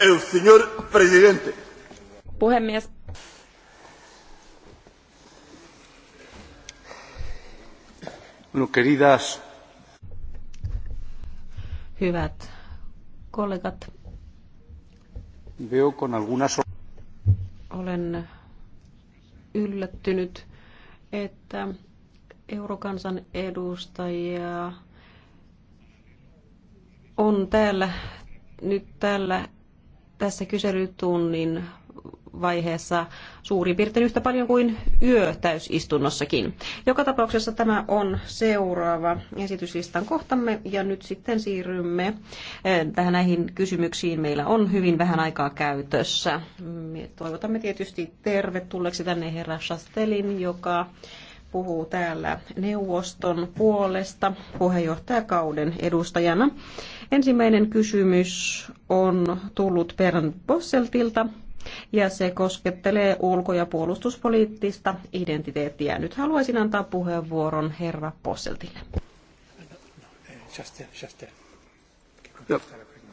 El señor presidente. Puhemies. No, queridas. Hyvät kollegat. Veo con algunas... Olen yllättynyt, että eurokansan edustajia on täällä nyt tällä tässä kyselytunnin vaiheessa suurin piirtein yhtä paljon kuin yö täysistunnossakin. Joka tapauksessa tämä on seuraava esityslistan kohtamme ja nyt sitten siirrymme eh, tähän näihin kysymyksiin. Meillä on hyvin vähän aikaa käytössä. Me toivotamme tietysti tervetulleeksi tänne herra Chastelin, joka puhuu täällä neuvoston puolesta puheenjohtajakauden edustajana. Ensimmäinen kysymys on tullut Bernd Bosseltilta ja se koskettelee ulko- ja puolustuspoliittista identiteettiä. Nyt haluaisin antaa puheenvuoron herra Posseltille.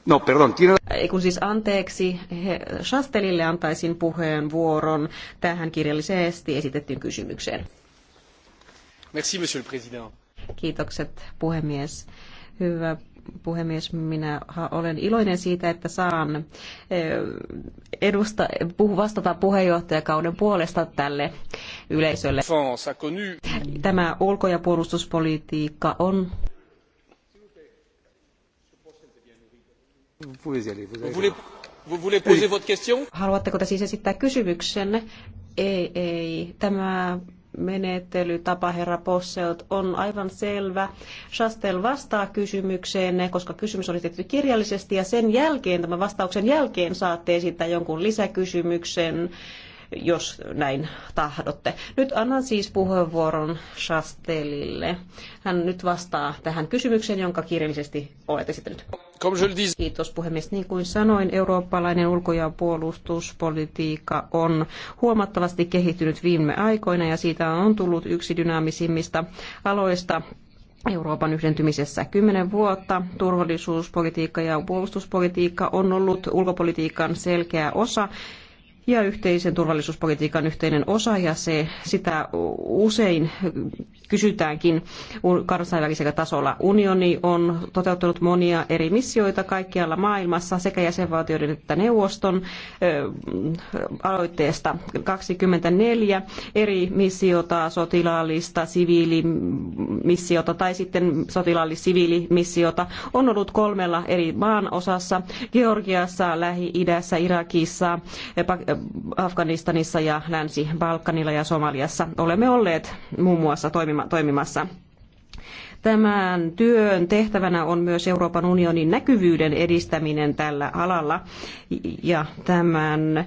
No, perdon. Ei kun siis anteeksi, he, Shastelille antaisin puheenvuoron tähän kirjalliseesti esitettyyn kysymykseen. Merci, monsieur le président. Kiitokset, puhemies. Hyvä puhemies, minä olen iloinen siitä, että saan eh, edusta, vastata puheenjohtajakauden puolesta tälle yleisölle. Tämä ulko- ja puolustuspolitiikka on Haluatteko te siis esittää kysymyksen? Ei, ei. Tämä tapa herra Posselt on aivan selvä. Chastel vastaa kysymykseen, koska kysymys oli tehty kirjallisesti ja sen jälkeen, tämän vastauksen jälkeen saatte esittää jonkun lisäkysymyksen jos näin tahdotte. Nyt annan siis puheenvuoron Chastelille. Hän nyt vastaa tähän kysymykseen, jonka kirjallisesti olet esittänyt. Kiitos puhemies. Niin kuin sanoin, eurooppalainen ulko- ja puolustuspolitiikka on huomattavasti kehittynyt viime aikoina ja siitä on tullut yksi dynaamisimmista aloista Euroopan yhdentymisessä kymmenen vuotta. Turvallisuuspolitiikka ja puolustuspolitiikka on ollut ulkopolitiikan selkeä osa ja yhteisen turvallisuuspolitiikan yhteinen osa ja se, sitä usein kysytäänkin kansainvälisellä tasolla. Unioni on toteuttanut monia eri missioita kaikkialla maailmassa sekä jäsenvaltioiden että neuvoston aloitteesta 24 eri missiota, sotilaallista, siviilimissiota tai sitten sotilaallis-siviilimissiota on ollut kolmella eri maan osassa, Georgiassa, Lähi-idässä, Irakissa, Afganistanissa ja Länsi-Balkanilla ja Somaliassa olemme olleet muun muassa toimimassa. Tämän työn tehtävänä on myös Euroopan unionin näkyvyyden edistäminen tällä alalla ja tämän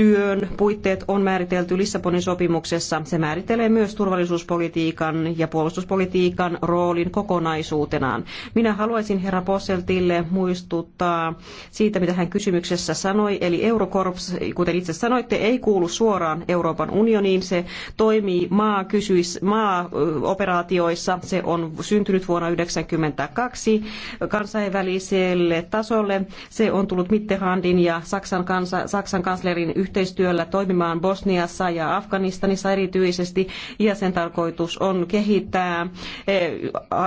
työn puitteet on määritelty Lissabonin sopimuksessa. Se määritelee myös turvallisuuspolitiikan ja puolustuspolitiikan roolin kokonaisuutenaan. Minä haluaisin herra Posseltille muistuttaa siitä, mitä hän kysymyksessä sanoi. Eli Eurokorps, kuten itse sanoitte, ei kuulu suoraan Euroopan unioniin. Se toimii maakysyis, maaoperaatioissa. Se on syntynyt vuonna 1992 kansainväliselle tasolle. Se on tullut Mitterrandin ja Saksan, kansa, Saksan kanslerin yhteydessä yhteistyöllä toimimaan Bosniassa ja Afganistanissa erityisesti, ja sen tarkoitus on kehittää eh,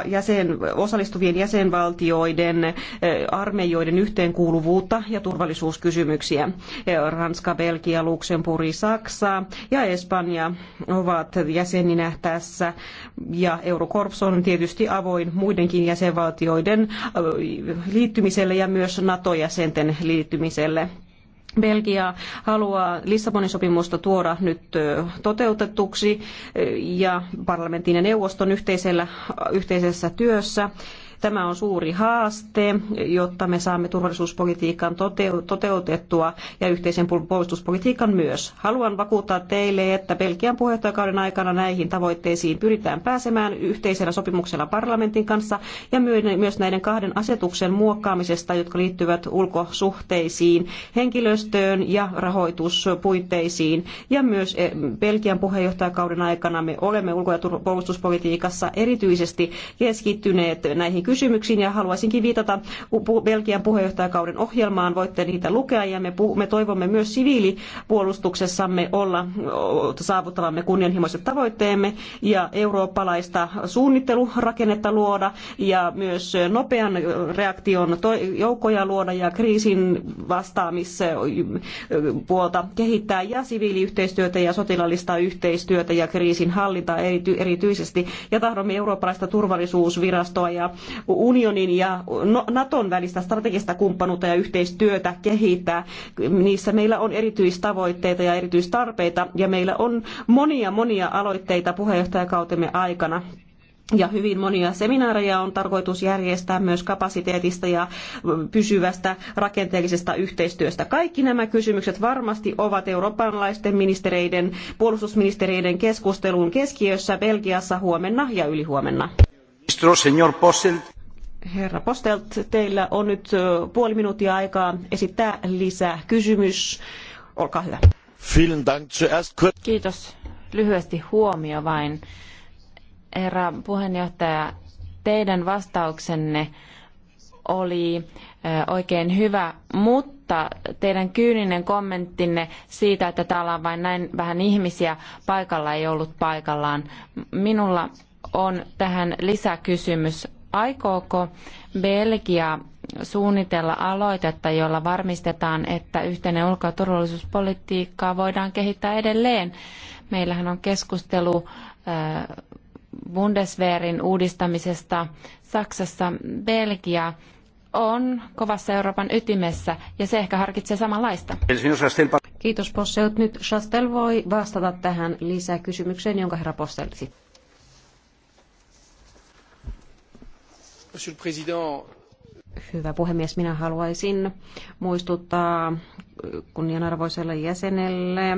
jäsen, osallistuvien jäsenvaltioiden eh, armeijoiden yhteenkuuluvuutta ja turvallisuuskysymyksiä. Eh, Ranska, Belgia, Luxemburg, Saksa ja Espanja ovat jäseninä tässä, ja Eurokorps on tietysti avoin muidenkin jäsenvaltioiden liittymiselle ja myös NATO-jäsenten liittymiselle. Belgia haluaa Lissabonin sopimusta tuoda nyt toteutetuksi ja parlamentin ja neuvoston yhteisellä, yhteisessä työssä Tämä on suuri haaste, jotta me saamme turvallisuuspolitiikan toteutettua ja yhteisen puolustuspolitiikan myös. Haluan vakuuttaa teille, että Belgian puheenjohtajakauden aikana näihin tavoitteisiin pyritään pääsemään yhteisellä sopimuksella parlamentin kanssa ja myös näiden kahden asetuksen muokkaamisesta, jotka liittyvät ulkosuhteisiin, henkilöstöön ja rahoituspuitteisiin. Ja myös eh, Belgian puheenjohtajakauden aikana me olemme ulko- ja puolustuspolitiikassa erityisesti keskittyneet näihin kysymyksiin kysymyksiin ja haluaisinkin viitata Belgian puheenjohtajakauden ohjelmaan. Voitte niitä lukea ja me, me toivomme myös siviilipuolustuksessamme olla saavuttavamme kunnianhimoiset tavoitteemme ja eurooppalaista suunnittelurakennetta luoda ja myös nopean reaktion joukkoja luoda ja kriisin vastaamispuolta kehittää ja siviiliyhteistyötä ja sotilaallista yhteistyötä ja kriisin hallintaa erity, erityisesti. Ja tahdomme eurooppalaista turvallisuusvirastoa ja unionin ja no, Naton välistä strategista kumppanuutta ja yhteistyötä kehittää. Niissä meillä on erityistavoitteita ja erityistarpeita ja meillä on monia monia aloitteita puheenjohtajakautemme aikana ja hyvin monia seminaareja on tarkoitus järjestää myös kapasiteetista ja pysyvästä rakenteellisesta yhteistyöstä. Kaikki nämä kysymykset varmasti ovat eurooppalaisten ministereiden, puolustusministereiden keskustelun keskiössä Belgiassa huomenna ja ylihuomenna. Herra Postelt, teillä on nyt puoli minuuttia aikaa esittää lisää kysymys. Olkaa hyvä. Kiitos. Lyhyesti huomio vain. Herra puheenjohtaja, teidän vastauksenne oli oikein hyvä, mutta teidän kyyninen kommenttinne siitä, että täällä on vain näin vähän ihmisiä paikalla ei ollut paikallaan. Minulla on tähän lisäkysymys. Aikooko Belgia suunnitella aloitetta, jolla varmistetaan, että yhteinen ulko- ja turvallisuuspolitiikkaa voidaan kehittää edelleen? Meillähän on keskustelu äh, Bundeswehrin uudistamisesta Saksassa. Belgia on kovassa Euroopan ytimessä ja se ehkä harkitsee samanlaista. Kiitos Posselt. Nyt Chastel voi vastata tähän lisäkysymykseen, jonka herra sitten. Monsieur Hyvä puhemies, minä haluaisin muistuttaa kunnianarvoiselle jäsenelle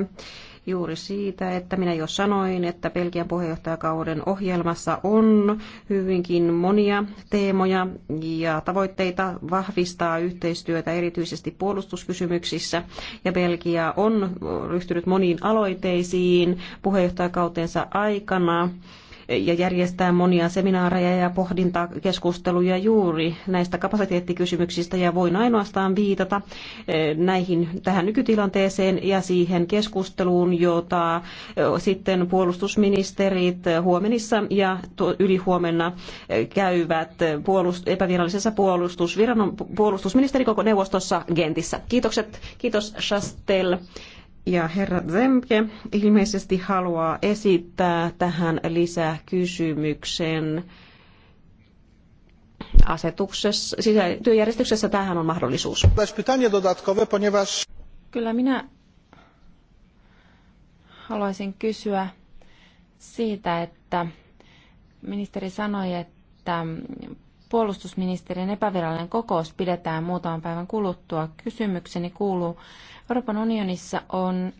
juuri siitä, että minä jo sanoin, että Belgian puheenjohtajakauden ohjelmassa on hyvinkin monia teemoja ja tavoitteita vahvistaa yhteistyötä erityisesti puolustuskysymyksissä. Ja Belgia on ryhtynyt moniin aloiteisiin puheenjohtajakautensa aikana ja järjestää monia seminaareja ja pohdintakeskusteluja juuri näistä kapasiteettikysymyksistä ja voin ainoastaan viitata eh, näihin tähän nykytilanteeseen ja siihen keskusteluun, jota eh, sitten puolustusministerit eh, huomenissa ja ylihuomenna käyvät puolust- epävirallisessa puolustusviranon neuvostossa Gentissä. Kiitokset, kiitos Chastel. Ja herra Zemke ilmeisesti haluaa esittää tähän lisäkysymyksen. Asetuksessa, työjärjestyksessä tähän on mahdollisuus. Kyllä minä haluaisin kysyä siitä, että ministeri sanoi, että puolustusministerin epävirallinen kokous pidetään muutaman päivän kuluttua. Kysymykseni kuuluu, Euroopan unionissa on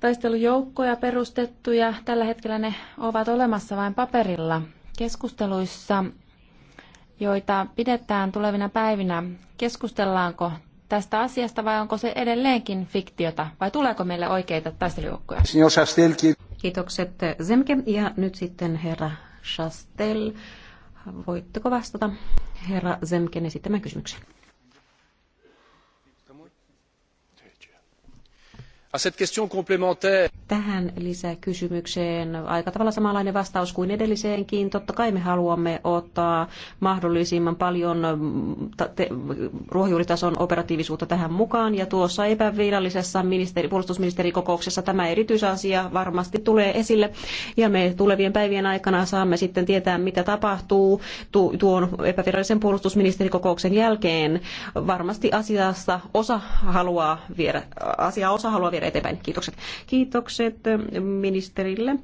taistelujoukkoja perustettu ja tällä hetkellä ne ovat olemassa vain paperilla. Keskusteluissa, joita pidetään tulevina päivinä, keskustellaanko tästä asiasta vai onko se edelleenkin fiktiota vai tuleeko meille oikeita taistelujoukkoja? Kiitokset Zemke ja nyt sitten herra Chastel. Voitteko vastata herra Zemken esittämään kysymykseen? Tähän lisäkysymykseen aika tavalla samanlainen vastaus kuin edelliseenkin. Totta kai me haluamme ottaa mahdollisimman paljon mm, ruohonjuuritason operatiivisuutta tähän mukaan. Ja tuossa epävirallisessa ministeri, puolustusministerikokouksessa tämä erityisasia varmasti tulee esille. Ja me tulevien päivien aikana saamme sitten tietää, mitä tapahtuu tuon epävirallisen puolustusministerikokouksen jälkeen. Varmasti asiasta osa haluaa viedä, asiaa osa haluaa viedä viedä eteenpäin. Kiitokset. Kiitokset ministerille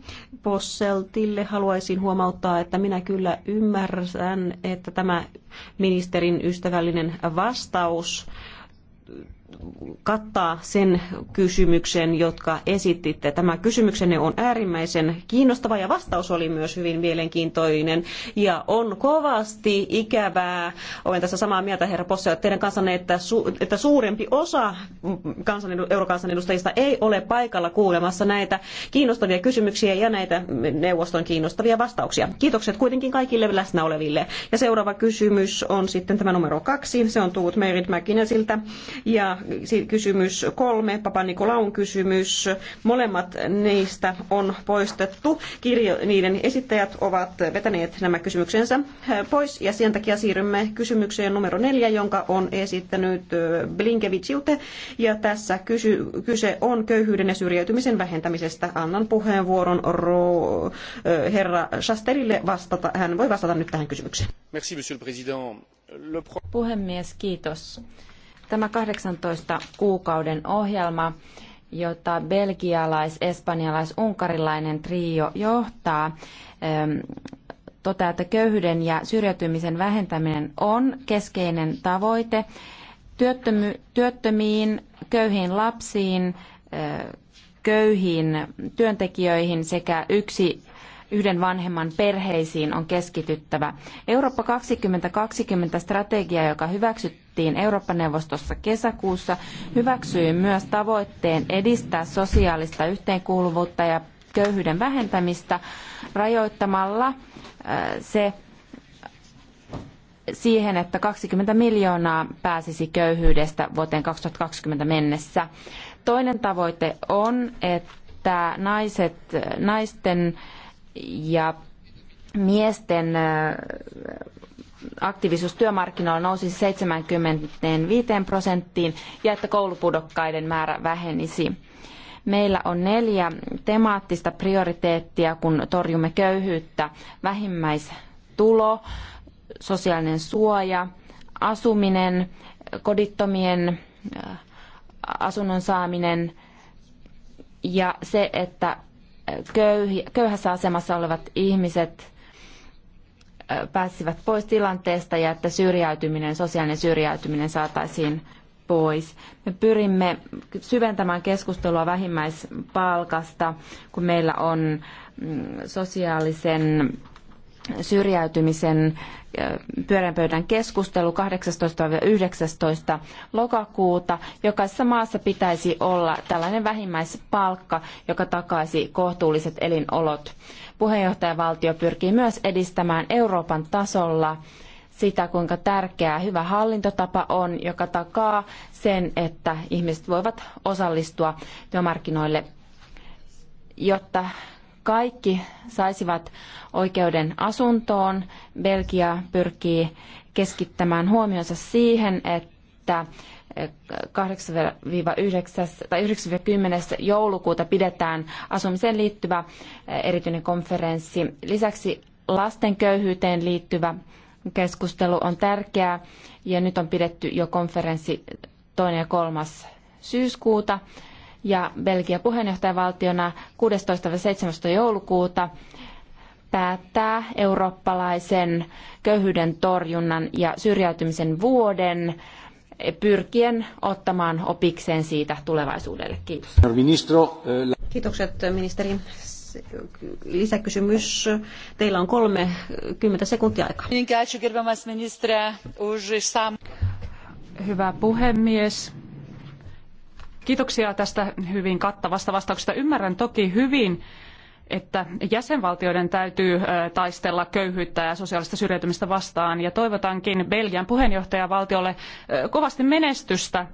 Posseltille. Haluaisin huomauttaa, että minä kyllä ymmärrän, että tämä ministerin ystävällinen vastaus kattaa sen kysymyksen, jotka esititte. Tämä kysymyksenne on äärimmäisen kiinnostava ja vastaus oli myös hyvin mielenkiintoinen. Ja on kovasti ikävää, olen tässä samaa mieltä herra Posse, teidän kanssanne, että, su, että suurempi osa kansanedu, eurokansanedustajista ei ole paikalla kuulemassa näitä kiinnostavia kysymyksiä ja näitä neuvoston kiinnostavia vastauksia. Kiitokset kuitenkin kaikille läsnä oleville. Ja seuraava kysymys on sitten tämä numero kaksi. Se on tullut Merit Mäkinesiltä. Ja kysymys kolme, Papa Nikolaun kysymys. Molemmat niistä on poistettu. Kirjo, niiden esittäjät ovat vetäneet nämä kysymyksensä pois ja sen takia siirrymme kysymykseen numero neljä, jonka on esittänyt Blinkevichiute. Ja tässä kysy, kyse on köyhyyden ja syrjäytymisen vähentämisestä. Annan puheenvuoron ro, herra Shasterille vastata. Hän voi vastata nyt tähän kysymykseen. Merci, monsieur le président. Le... Puhemies, kiitos. Tämä 18 kuukauden ohjelma, jota belgialais, espanjalais, unkarilainen trio johtaa, ähm, toteaa, että köyhyyden ja syrjäytymisen vähentäminen on keskeinen tavoite. Työttömy- työttömiin, köyhiin lapsiin, äh, köyhiin työntekijöihin sekä yksi yhden vanhemman perheisiin on keskityttävä. Eurooppa 2020 strategia, joka hyväksyttiin, päätettiin Eurooppa-neuvostossa kesäkuussa, hyväksyi myös tavoitteen edistää sosiaalista yhteenkuuluvuutta ja köyhyyden vähentämistä rajoittamalla äh, se siihen, että 20 miljoonaa pääsisi köyhyydestä vuoteen 2020 mennessä. Toinen tavoite on, että naiset, naisten ja miesten äh, aktiivisuus työmarkkinoilla nousisi 75 prosenttiin ja että koulupudokkaiden määrä vähenisi. Meillä on neljä temaattista prioriteettia, kun torjumme köyhyyttä. Vähimmäistulo, sosiaalinen suoja, asuminen, kodittomien äh, asunnon saaminen ja se, että köyhässä asemassa olevat ihmiset pääsisivät pois tilanteesta ja että syrjäytyminen, sosiaalinen syrjäytyminen saataisiin pois. Me pyrimme syventämään keskustelua vähimmäispalkasta, kun meillä on mm, sosiaalisen syrjäytymisen pyörän pöydän keskustelu 18-19 lokakuuta. Jokaisessa maassa pitäisi olla tällainen vähimmäispalkka, joka takaisi kohtuulliset elinolot. Puheenjohtajavaltio pyrkii myös edistämään Euroopan tasolla sitä, kuinka tärkeää hyvä hallintotapa on, joka takaa sen, että ihmiset voivat osallistua työmarkkinoille, jotta kaikki saisivat oikeuden asuntoon. Belgia pyrkii keskittämään huomionsa siihen, että 8-9 tai joulukuuta pidetään asumiseen liittyvä erityinen konferenssi. Lisäksi lasten köyhyyteen liittyvä keskustelu on tärkeää ja nyt on pidetty jo konferenssi 2. ja 3. syyskuuta ja Belgia puheenjohtajavaltiona 16-17 joulukuuta päättää eurooppalaisen köyhyyden torjunnan ja syrjäytymisen vuoden pyrkien ottamaan opikseen siitä tulevaisuudelle. Kiitos. Eh, Kiitokset ministeri. Lisäkysymys. Teillä on 30 sekuntia aikaa. Hyvä puhemies. Kiitoksia tästä hyvin kattavasta vastauksesta. Ymmärrän toki hyvin, että jäsenvaltioiden täytyy taistella köyhyyttä ja sosiaalista syrjäytymistä vastaan. Ja toivotankin Belgian puheenjohtajavaltiolle kovasti menestystä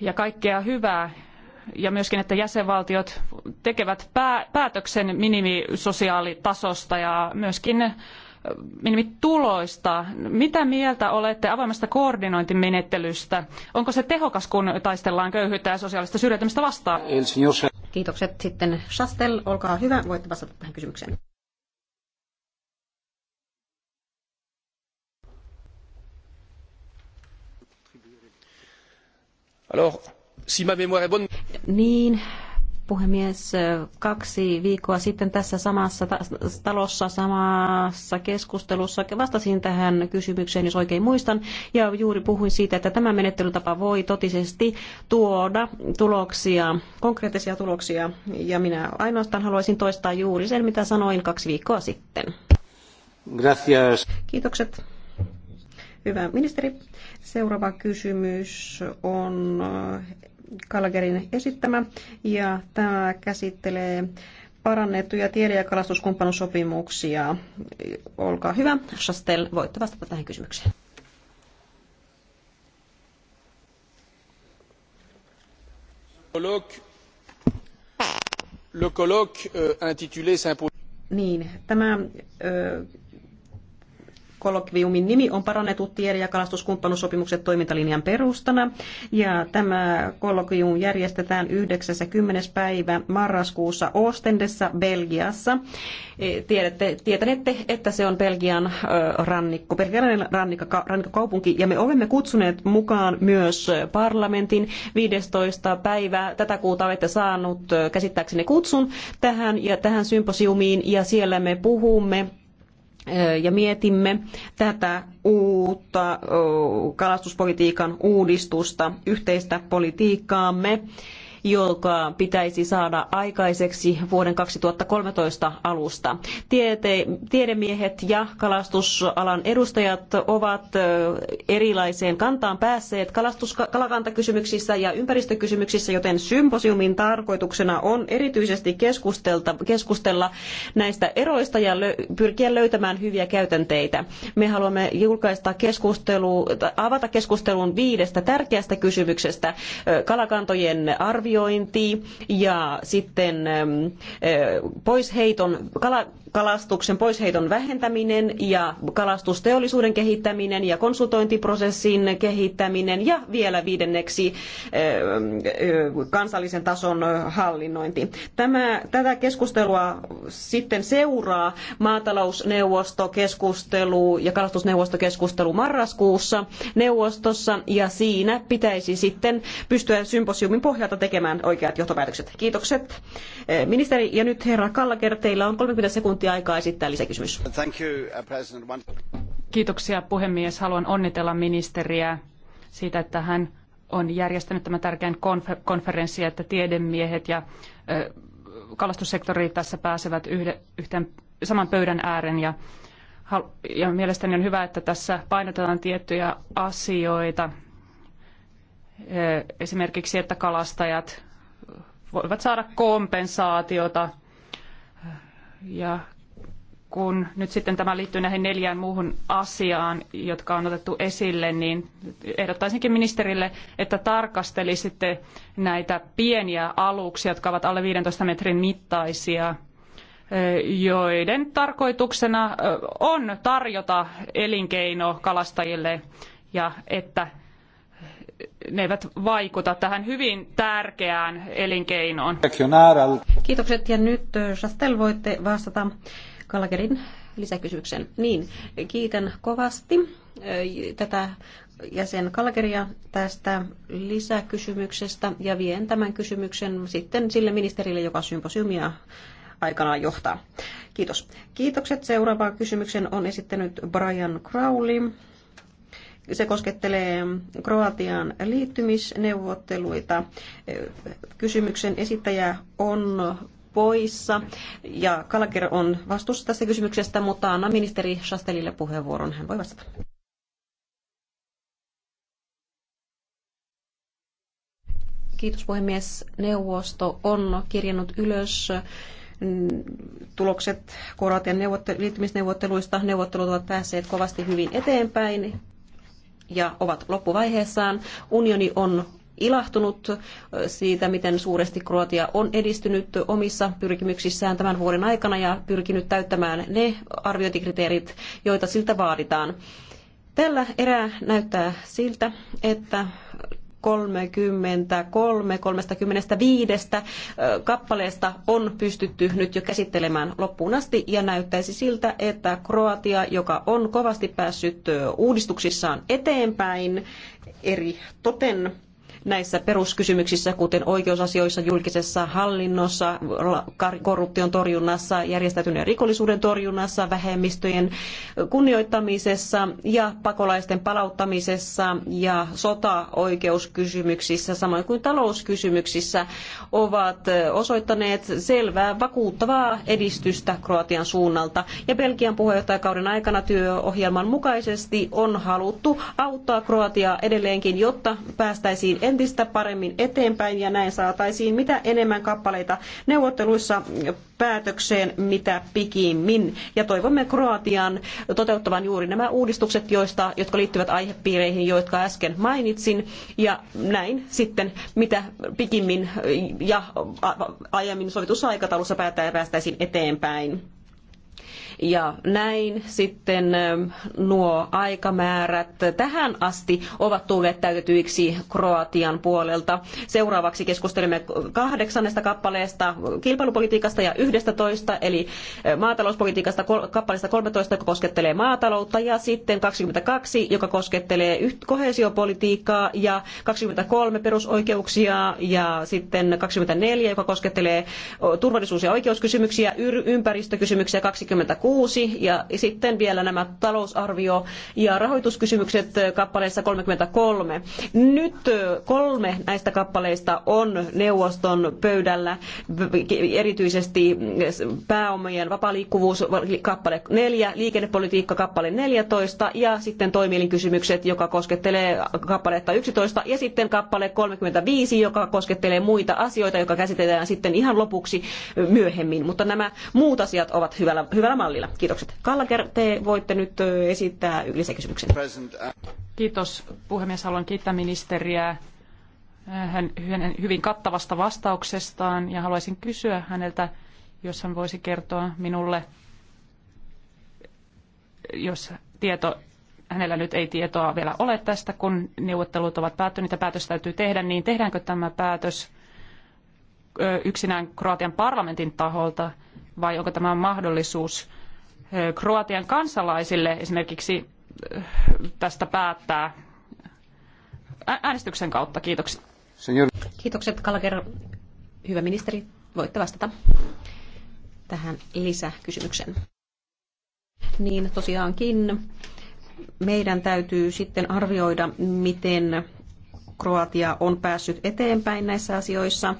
ja kaikkea hyvää. Ja myöskin, että jäsenvaltiot tekevät päätöksen minimisosiaalitasosta ja myöskin tuloista? Mitä mieltä olette avoimesta koordinointimenettelystä? Onko se tehokas, kun taistellaan köyhyyttä ja sosiaalista syrjäytymistä vastaan? Kiitokset sitten Chastel, olkaa hyvä, voitte vastata tähän kysymykseen. Alors, si ma mémoire est bonne... Niin, puhemies, kaksi viikkoa sitten tässä samassa talossa, samassa keskustelussa vastasin tähän kysymykseen, jos oikein muistan, ja juuri puhuin siitä, että tämä menettelytapa voi totisesti tuoda tuloksia, konkreettisia tuloksia, ja minä ainoastaan haluaisin toistaa juuri sen, mitä sanoin kaksi viikkoa sitten. Gracias. Kiitokset. Hyvä ministeri. Seuraava kysymys on Kalgerin esittämä ja tämä käsittelee parannettuja tiede- ja kalastuskumppanusopimuksia. Olkaa hyvä. Chastel, voitte vastata tähän kysymykseen. Le colloque euh, intitulé Niin, tämä kolokviumin nimi on parannetut tiede- ja kalastuskumppanuussopimukset toimintalinjan perustana. Ja tämä kolokvium järjestetään 90. päivä marraskuussa Ostendessa, Belgiassa. E, tiedätte, tietänette, että se on Belgian rannikko, Belgian rannikko, rannikkokaupunki, ja me olemme kutsuneet mukaan myös parlamentin 15. päivää. Tätä kuuta olette saanut käsittääkseni kutsun tähän ja tähän symposiumiin, ja siellä me puhumme ja mietimme tätä uutta kalastuspolitiikan uudistusta, yhteistä politiikkaamme joka pitäisi saada aikaiseksi vuoden 2013 alusta. Tiete, tiedemiehet ja kalastusalan edustajat ovat erilaiseen kantaan päässeet kalastus, kalakantakysymyksissä ja ympäristökysymyksissä, joten symposiumin tarkoituksena on erityisesti keskustella näistä eroista ja pyrkiä löytämään hyviä käytänteitä. Me haluamme julkaista keskustelu, avata keskustelun viidestä tärkeästä kysymyksestä kalakantojen arviointi, arviointi ja sitten poisheiton, kala, kalastuksen poisheiton vähentäminen ja kalastusteollisuuden kehittäminen ja konsultointiprosessin kehittäminen ja vielä viidenneksi kansallisen tason hallinnointi. Tämä, tätä keskustelua sitten seuraa maatalousneuvostokeskustelu ja kalastusneuvostokeskustelu marraskuussa neuvostossa ja siinä pitäisi sitten pystyä symposiumin pohjalta tekemään oikeat johtopäätökset. Kiitokset ministeri ja nyt herra Kallaker, teillä on 30 sekuntia minuuttia aikaa esittää lisäkysymys. Uh, Kiitoksia puhemies. Haluan onnitella ministeriä siitä, että hän on järjestänyt tämän tärkeän konfer- konferenssin, että tiedemiehet ja ö, kalastussektori tässä pääsevät yhden, yhteen, saman pöydän ääreen. Ja, ja mielestäni on hyvä, että tässä painotetaan tiettyjä asioita, esimerkiksi, että kalastajat voivat saada kompensaatiota ja kun nyt sitten tämä liittyy näihin neljään muuhun asiaan, jotka on otettu esille, niin ehdottaisinkin ministerille, että tarkastelisitte näitä pieniä aluksia, jotka ovat alle 15 metrin mittaisia, joiden tarkoituksena on tarjota elinkeino kalastajille ja että ne eivät vaikuta tähän hyvin tärkeään elinkeinoon. Kiitokset ja nyt Chastel voitte vastata Gallagherin lisäkysymyksen. Niin, kiitän kovasti tätä jäsen Kalkeria tästä lisäkysymyksestä ja vien tämän kysymyksen sitten sille ministerille, joka symposiumia aikanaan johtaa. Kiitos. Kiitokset. Seuraava kysymyksen on esittänyt Brian Crowley. Se koskettelee Kroatian liittymisneuvotteluita. Kysymyksen esittäjä on poissa. Ja Kalaker on vastuussa tästä kysymyksestä, mutta anna ministeri Shastelille puheenvuoron. Hän voi vastata. Kiitos puhemies. Neuvosto on kirjannut ylös mm, tulokset Kroatian neuvottel- liittymisneuvotteluista. Neuvottelut ovat päässeet kovasti hyvin eteenpäin ja ovat loppuvaiheessaan. Unioni on ilahtunut siitä, miten suuresti Kroatia on edistynyt omissa pyrkimyksissään tämän vuoden aikana ja pyrkinyt täyttämään ne arviointikriteerit, joita siltä vaaditaan. Tällä erää näyttää siltä, että 33-35 kappaleesta on pystytty nyt jo käsittelemään loppuun asti ja näyttäisi siltä, että Kroatia, joka on kovasti päässyt uudistuksissaan eteenpäin eri toten näissä peruskysymyksissä, kuten oikeusasioissa, julkisessa hallinnossa, korruption torjunnassa, järjestäytyneen rikollisuuden torjunnassa, vähemmistöjen kunnioittamisessa ja pakolaisten palauttamisessa ja sotaoikeuskysymyksissä, samoin kuin talouskysymyksissä, ovat osoittaneet selvää vakuuttavaa edistystä Kroatian suunnalta. Ja Belgian puheenjohtajakauden aikana työohjelman mukaisesti on haluttu auttaa Kroatiaa edelleenkin, jotta päästäisiin entistä paremmin eteenpäin ja näin saataisiin mitä enemmän kappaleita neuvotteluissa päätökseen mitä pikimmin. Ja toivomme Kroatian toteuttavan juuri nämä uudistukset, joista, jotka liittyvät aihepiireihin, jotka äsken mainitsin. Ja näin sitten mitä pikimmin ja aiemmin sovitussa aikataulussa päästäisiin eteenpäin. Ja näin sitten ähm, nuo aikamäärät tähän asti ovat tulleet täytetyiksi Kroatian puolelta. Seuraavaksi keskustelemme kahdeksannesta kappaleesta kilpailupolitiikasta ja yhdestä toista, eli äh, maatalouspolitiikasta kappaleesta 13, joka koskettelee maataloutta, ja sitten 22, joka koskettelee kohesiopolitiikkaa, ja 23 perusoikeuksia, ja sitten 24, joka koskettelee turvallisuus- ja oikeuskysymyksiä, ympäristökysymyksiä, 20 36 ja sitten vielä nämä talousarvio- ja rahoituskysymykset äh, kappaleessa 33. Nyt äh, kolme näistä kappaleista on neuvoston pöydällä, erityisesti äh, pääomien vapaaliikkuvuus kappale 4, liikennepolitiikka kappale 14 ja sitten toimielinkysymykset, joka koskettelee kappaletta 11 ja sitten kappale 35, joka koskettelee muita asioita, joka käsitellään sitten ihan lopuksi myöhemmin, mutta nämä muut asiat ovat hyvällä, hyvällä mallilla mallilla. Kiitokset. te voitte nyt esittää lisäkysymyksen. Kiitos puhemies. Haluan kiittää ministeriä hän hyvin kattavasta vastauksestaan ja haluaisin kysyä häneltä, jos hän voisi kertoa minulle, jos tieto, hänellä nyt ei tietoa vielä ole tästä, kun neuvottelut ovat päättyneet ja päätös täytyy tehdä, niin tehdäänkö tämä päätös yksinään Kroatian parlamentin taholta vai onko tämä mahdollisuus Eh, Kroatian kansalaisille esimerkiksi eh, tästä päättää äänestyksen kautta. Kiitoksia. Kiitokset Kalaker. Hyvä ministeri, voitte vastata tähän lisäkysymykseen. Niin tosiaankin meidän täytyy sitten arvioida, miten Kroatia on päässyt eteenpäin näissä asioissa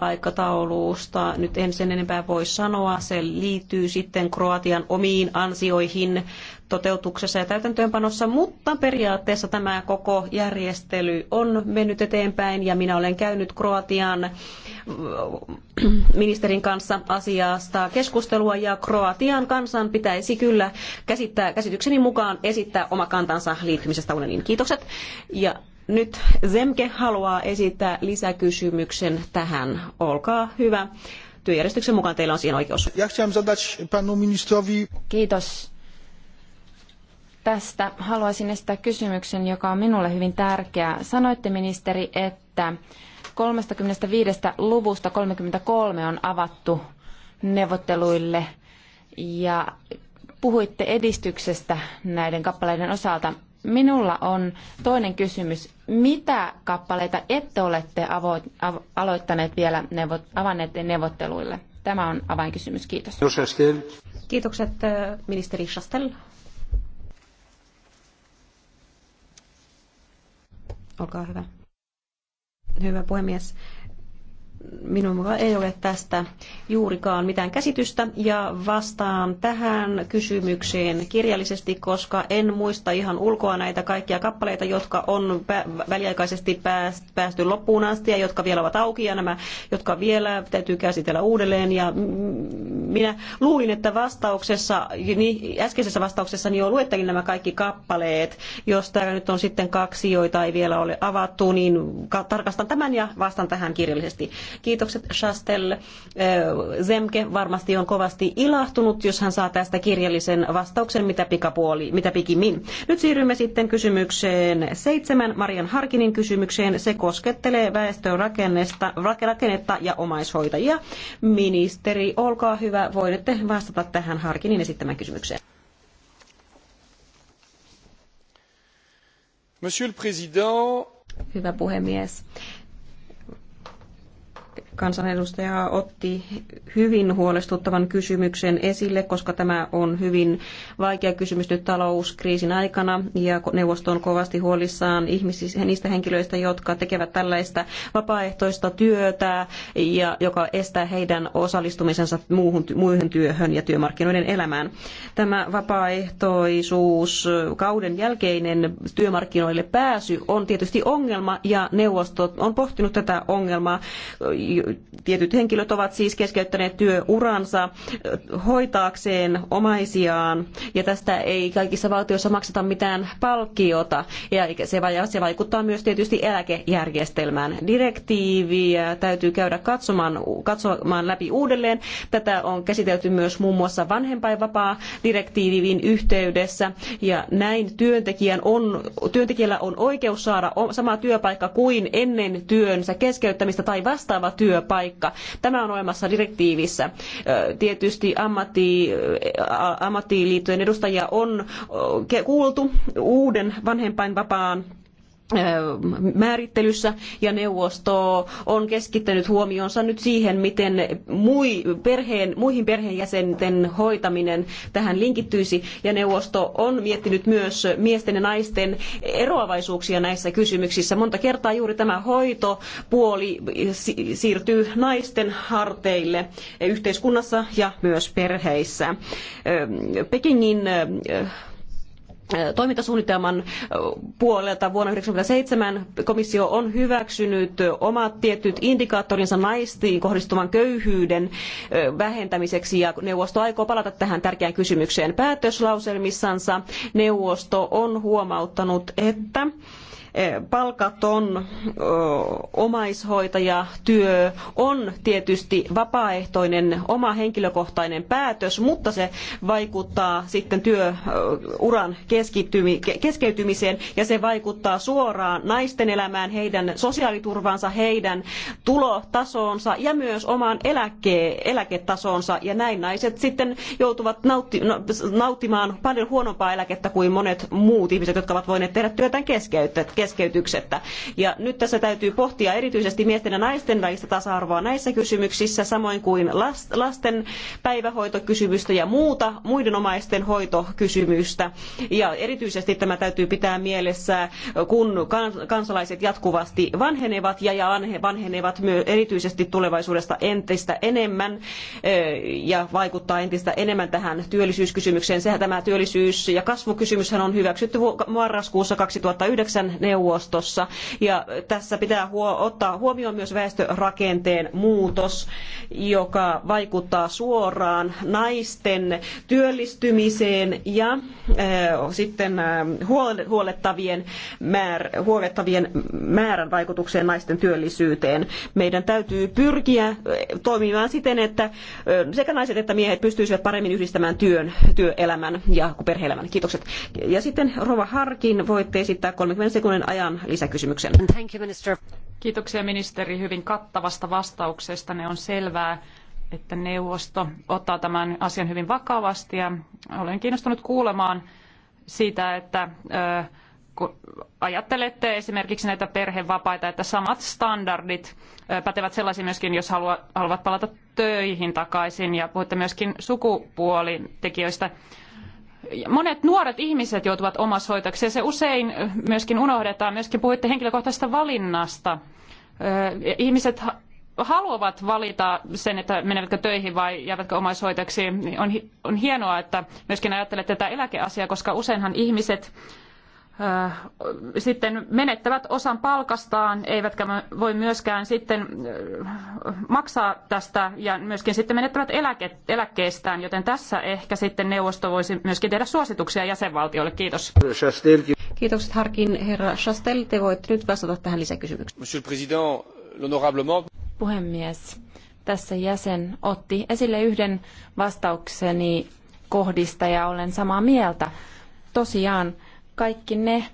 aikataulusta. Nyt en sen enempää voi sanoa. Se liittyy sitten Kroatian omiin ansioihin toteutuksessa ja täytäntöönpanossa, mutta periaatteessa tämä koko järjestely on mennyt eteenpäin ja minä olen käynyt Kroatian äh, ministerin kanssa asiasta keskustelua ja Kroatian kansan pitäisi kyllä käsittää, käsitykseni mukaan esittää oma kantansa liittymisestä unioniin. Kiitokset. Ja nyt Zemke haluaa esittää lisäkysymyksen tähän. Olkaa hyvä. Työjärjestyksen mukaan teillä on siihen oikeus. Kiitos. Tästä haluaisin esittää kysymyksen, joka on minulle hyvin tärkeä. Sanoitte ministeri, että 35 luvusta 33 on avattu neuvotteluille ja puhuitte edistyksestä näiden kappaleiden osalta. Minulla on toinen kysymys. Mitä kappaleita ette olette avo, av, aloittaneet vielä neuvot, avanneet neuvotteluille? Tämä on avainkysymys. Kiitos. Kiitokset äh, ministeri Chastel. Olkaa hyvä. Hyvä puhemies minulla ei ole tästä juurikaan mitään käsitystä ja vastaan tähän kysymykseen kirjallisesti, koska en muista ihan ulkoa näitä kaikkia kappaleita, jotka on väliaikaisesti päästy loppuun asti ja jotka vielä ovat auki ja nämä, jotka vielä täytyy käsitellä uudelleen. Ja minä luulin, että vastauksessa, niin äskeisessä vastauksessa niin jo luettelin nämä kaikki kappaleet. Jos täällä nyt on sitten kaksi, joita ei vielä ole avattu, niin tarkastan tämän ja vastaan tähän kirjallisesti. Kiitokset Chastel. Zemke varmasti on kovasti ilahtunut, jos hän saa tästä kirjallisen vastauksen, mitä, pikapuoli, mitä pikimmin. Nyt siirrymme sitten kysymykseen seitsemän, Marian Harkinin kysymykseen. Se koskettelee väestörakennetta, rakennetta ja omaishoitajia. Ministeri, olkaa hyvä, voitte vastata tähän Harkinin esittämään kysymykseen. Monsieur le Président, Hyvä puhemies kansanedustaja otti hyvin huolestuttavan kysymyksen esille, koska tämä on hyvin vaikea kysymys nyt talouskriisin aikana ja neuvosto on kovasti huolissaan ihmisistä, niistä henkilöistä, jotka tekevät tällaista vapaaehtoista työtä ja joka estää heidän osallistumisensa muuhun, muuhun työhön ja työmarkkinoiden elämään. Tämä vapaaehtoisuus, kauden jälkeinen työmarkkinoille pääsy on tietysti ongelma ja neuvosto on pohtinut tätä ongelmaa tietyt henkilöt ovat siis keskeyttäneet työuransa hoitaakseen omaisiaan ja tästä ei kaikissa valtioissa makseta mitään palkkiota ja se vaikuttaa myös tietysti eläkejärjestelmään. Direktiiviä täytyy käydä katsomaan, katsomaan läpi uudelleen. Tätä on käsitelty myös muun muassa vanhempainvapaa direktiivin yhteydessä ja näin työntekijän on, työntekijällä on oikeus saada sama työpaikka kuin ennen työnsä keskeyttämistä tai vastaava työ työpaikka. Tämä on olemassa direktiivissä. Tietysti ammatti, ammattiliittojen edustajia on kuultu uuden vanhempainvapaan määrittelyssä ja neuvosto on keskittänyt huomionsa nyt siihen, miten mui, perheen, muihin perheenjäsenten hoitaminen tähän linkittyisi ja neuvosto on miettinyt myös miesten ja naisten eroavaisuuksia näissä kysymyksissä. Monta kertaa juuri tämä hoitopuoli siirtyy naisten harteille yhteiskunnassa ja myös perheissä. Pekingin toimintasuunnitelman puolelta vuonna 1997 komissio on hyväksynyt omat tietyt indikaattorinsa naistiin kohdistuvan köyhyyden vähentämiseksi ja neuvosto aikoo palata tähän tärkeään kysymykseen päätöslauselmissansa. Neuvosto on huomauttanut, että palkaton omaishoitajatyö on tietysti vapaaehtoinen oma henkilökohtainen päätös, mutta se vaikuttaa sitten työuran keskeytymiseen ja se vaikuttaa suoraan naisten elämään, heidän sosiaaliturvaansa, heidän tulotasoonsa ja myös omaan eläketasoonsa Ja näin naiset sitten joutuvat nautti, no, nauttimaan paljon huonompaa eläkettä kuin monet muut ihmiset, jotka ovat voineet tehdä työtään keskeyttä, keskeytyksettä. Ja nyt tässä täytyy pohtia erityisesti miesten ja naisten välistä tasa-arvoa näissä kysymyksissä, samoin kuin lasten päivähoitokysymystä ja muuta muiden omaisten hoitokysymystä. Ja erityisesti tämä täytyy pitää mielessä, kun kansalaiset jatkuvasti vanhenevat ja, ja vanhenevat myös erityisesti tulevaisuudesta entistä enemmän ja vaikuttaa entistä enemmän tähän työllisyyskysymykseen. Sehän tämä työllisyys- ja kasvukysymyshän on hyväksytty marraskuussa 2009 neuvostossa neuvostossa. Ja tässä pitää ottaa huomioon myös väestörakenteen muutos, joka vaikuttaa suoraan naisten työllistymiseen ja eh, sitten eh, huolettavien, määr, huolettavien määrän vaikutukseen naisten työllisyyteen. Meidän täytyy pyrkiä eh, toimimaan siten, että sekä naiset että miehet pystyisivät paremmin yhdistämään työn, työelämän ja perheelämän. Kiitokset. Ja sitten Rova Harkin voitte esittää 30 sekunnin minuutin ajan lisäkysymyksen. Thank you, minister. Kiitoksia ministeri hyvin kattavasta vastauksesta. Ne on selvää, että neuvosto ottaa tämän asian hyvin vakavasti ja olen kiinnostunut kuulemaan siitä, että kun ajattelette esimerkiksi näitä perhevapaita, että samat standardit pätevät sellaisiin myöskin, jos haluat palata töihin takaisin ja puhutte myöskin sukupuolitekijöistä. tekijöistä monet nuoret ihmiset joutuvat omaishoitajaksi ja se usein myöskin unohdetaan. Myöskin puhuitte henkilökohtaisesta valinnasta. Ihmiset haluavat valita sen, että menevätkö töihin vai jäävätkö omaishoitajaksi. Niin on, on hienoa, että myöskin ajattelette tätä eläkeasiaa, koska useinhan ihmiset Äh, sitten menettävät osan palkastaan, eivätkä voi myöskään sitten äh, maksaa tästä ja myöskin sitten menettävät eläke, eläkkeestään, joten tässä ehkä sitten neuvosto voisi myöskin tehdä suosituksia jäsenvaltioille. Kiitos. Kiitokset Harkin herra Chastel. Te voitte nyt vastata tähän lisäkysymykseen. Monsieur le Président, Puhemies, tässä jäsen otti esille yhden vastaukseni kohdista ja olen samaa mieltä. Tosiaan kaikki ne,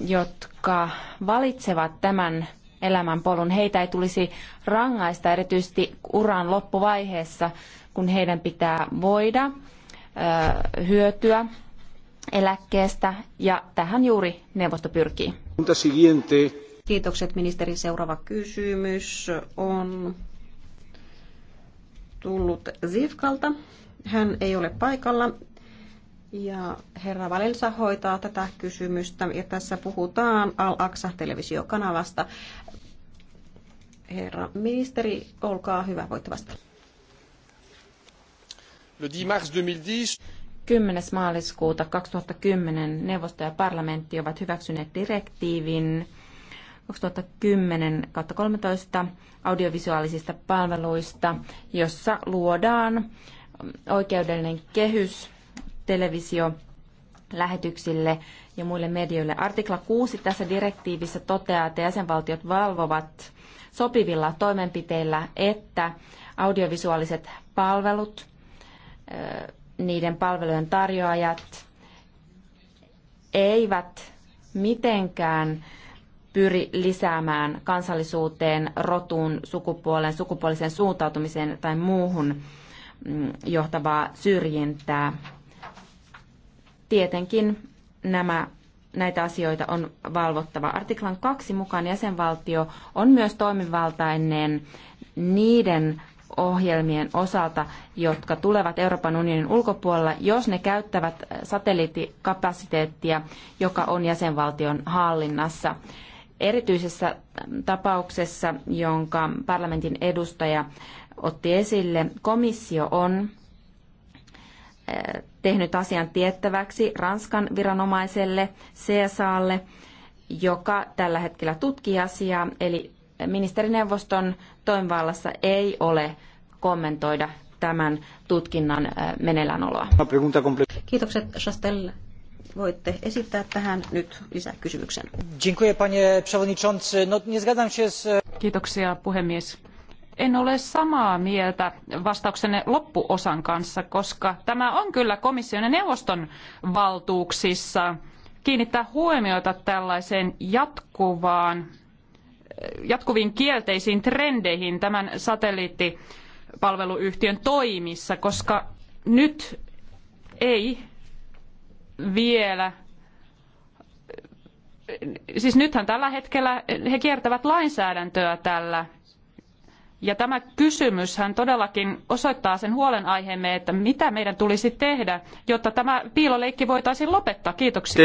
jotka valitsevat tämän elämänpolun, heitä ei tulisi rangaista erityisesti uran loppuvaiheessa, kun heidän pitää voida hyötyä eläkkeestä ja tähän juuri neuvosto pyrkii. Kiitokset ministeri. Seuraava kysymys on tullut Zivkalta. Hän ei ole paikalla. Ja herra Valensa hoitaa tätä kysymystä ja tässä puhutaan Al-Aqsa televisiokanavasta. Herra ministeri, olkaa hyvä, voitte vastata. 10. maaliskuuta 2010 neuvosto ja parlamentti ovat hyväksyneet direktiivin 2010-13 audiovisuaalisista palveluista, jossa luodaan oikeudellinen kehys televisio lähetyksille ja muille medioille. Artikla 6 tässä direktiivissä toteaa, että jäsenvaltiot valvovat sopivilla toimenpiteillä, että audiovisuaaliset palvelut, niiden palvelujen tarjoajat eivät mitenkään pyri lisäämään kansallisuuteen, rotuun, sukupuoleen, sukupuoliseen suuntautumiseen tai muuhun mm, johtavaa syrjintää Tietenkin nämä näitä asioita on valvottava. Artiklan 2 mukaan jäsenvaltio on myös toimivaltainen niiden ohjelmien osalta, jotka tulevat Euroopan unionin ulkopuolella, jos ne käyttävät satelliittikapasiteettia, joka on jäsenvaltion hallinnassa. Erityisessä tapauksessa, jonka parlamentin edustaja otti esille, komissio on tehnyt asian tiettäväksi Ranskan viranomaiselle CSAlle, joka tällä hetkellä tutkii asiaa, eli ministerineuvoston toimivallassa ei ole kommentoida tämän tutkinnan meneillänoloa. Kiitokset Chastel. Voitte esittää tähän nyt lisäkysymyksen. Dziękuję przewodniczący. No, nie zgadzam się z... Kiitoksia puhemies en ole samaa mieltä vastauksenne loppuosan kanssa, koska tämä on kyllä komission ja neuvoston valtuuksissa kiinnittää huomiota tällaiseen jatkuvaan, jatkuviin kielteisiin trendeihin tämän satelliittipalveluyhtiön toimissa, koska nyt ei vielä siis nythän tällä hetkellä he kiertävät lainsäädäntöä tällä ja tämä hän todellakin osoittaa sen huolenaiheemme, että mitä meidän tulisi tehdä, jotta tämä piiloleikki voitaisiin lopettaa. Kiitoksia.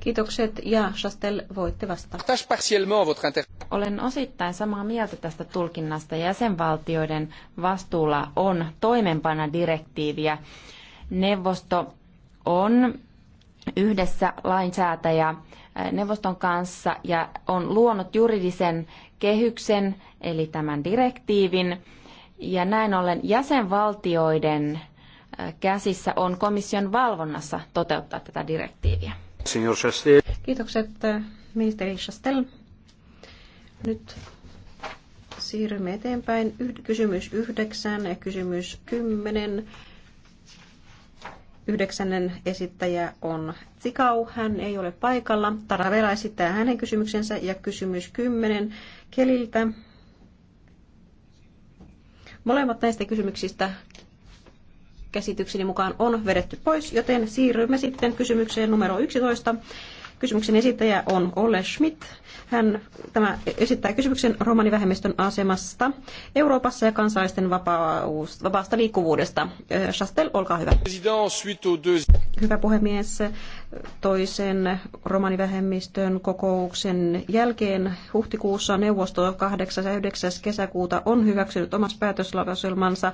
Kiitokset ja Chastel voitte vastata. Olen osittain samaa mieltä tästä tulkinnasta. Jäsenvaltioiden vastuulla on toimenpana direktiiviä. Neuvosto on yhdessä lainsäätäjä neuvoston kanssa ja on luonut juridisen kehyksen, eli tämän direktiivin, ja näin ollen jäsenvaltioiden äh, käsissä on komission valvonnassa toteuttaa tätä direktiiviä. Kiitokset äh, ministeri Chastel. Nyt siirrymme eteenpäin. Kysymys 9 ja kysymys 10. Yhdeksännen esittäjä on Tsikau, hän ei ole paikalla. Taravera esittää hänen kysymyksensä ja kysymys kymmenen Keliltä. Molemmat näistä kysymyksistä käsitykseni mukaan on vedetty pois, joten siirrymme sitten kysymykseen numero 11 Kysymyksen esittäjä on Ole Schmidt. Hän tämä esittää kysymyksen romanivähemmistön asemasta Euroopassa ja kansalaisten vapaus, vapaasta liikkuvuudesta. Äh, Chastel, olkaa hyvä. Hyvä puhemies. Toisen romanivähemmistön kokouksen jälkeen huhtikuussa neuvosto 8. ja 9. kesäkuuta on hyväksynyt omassa päätöslauselmansa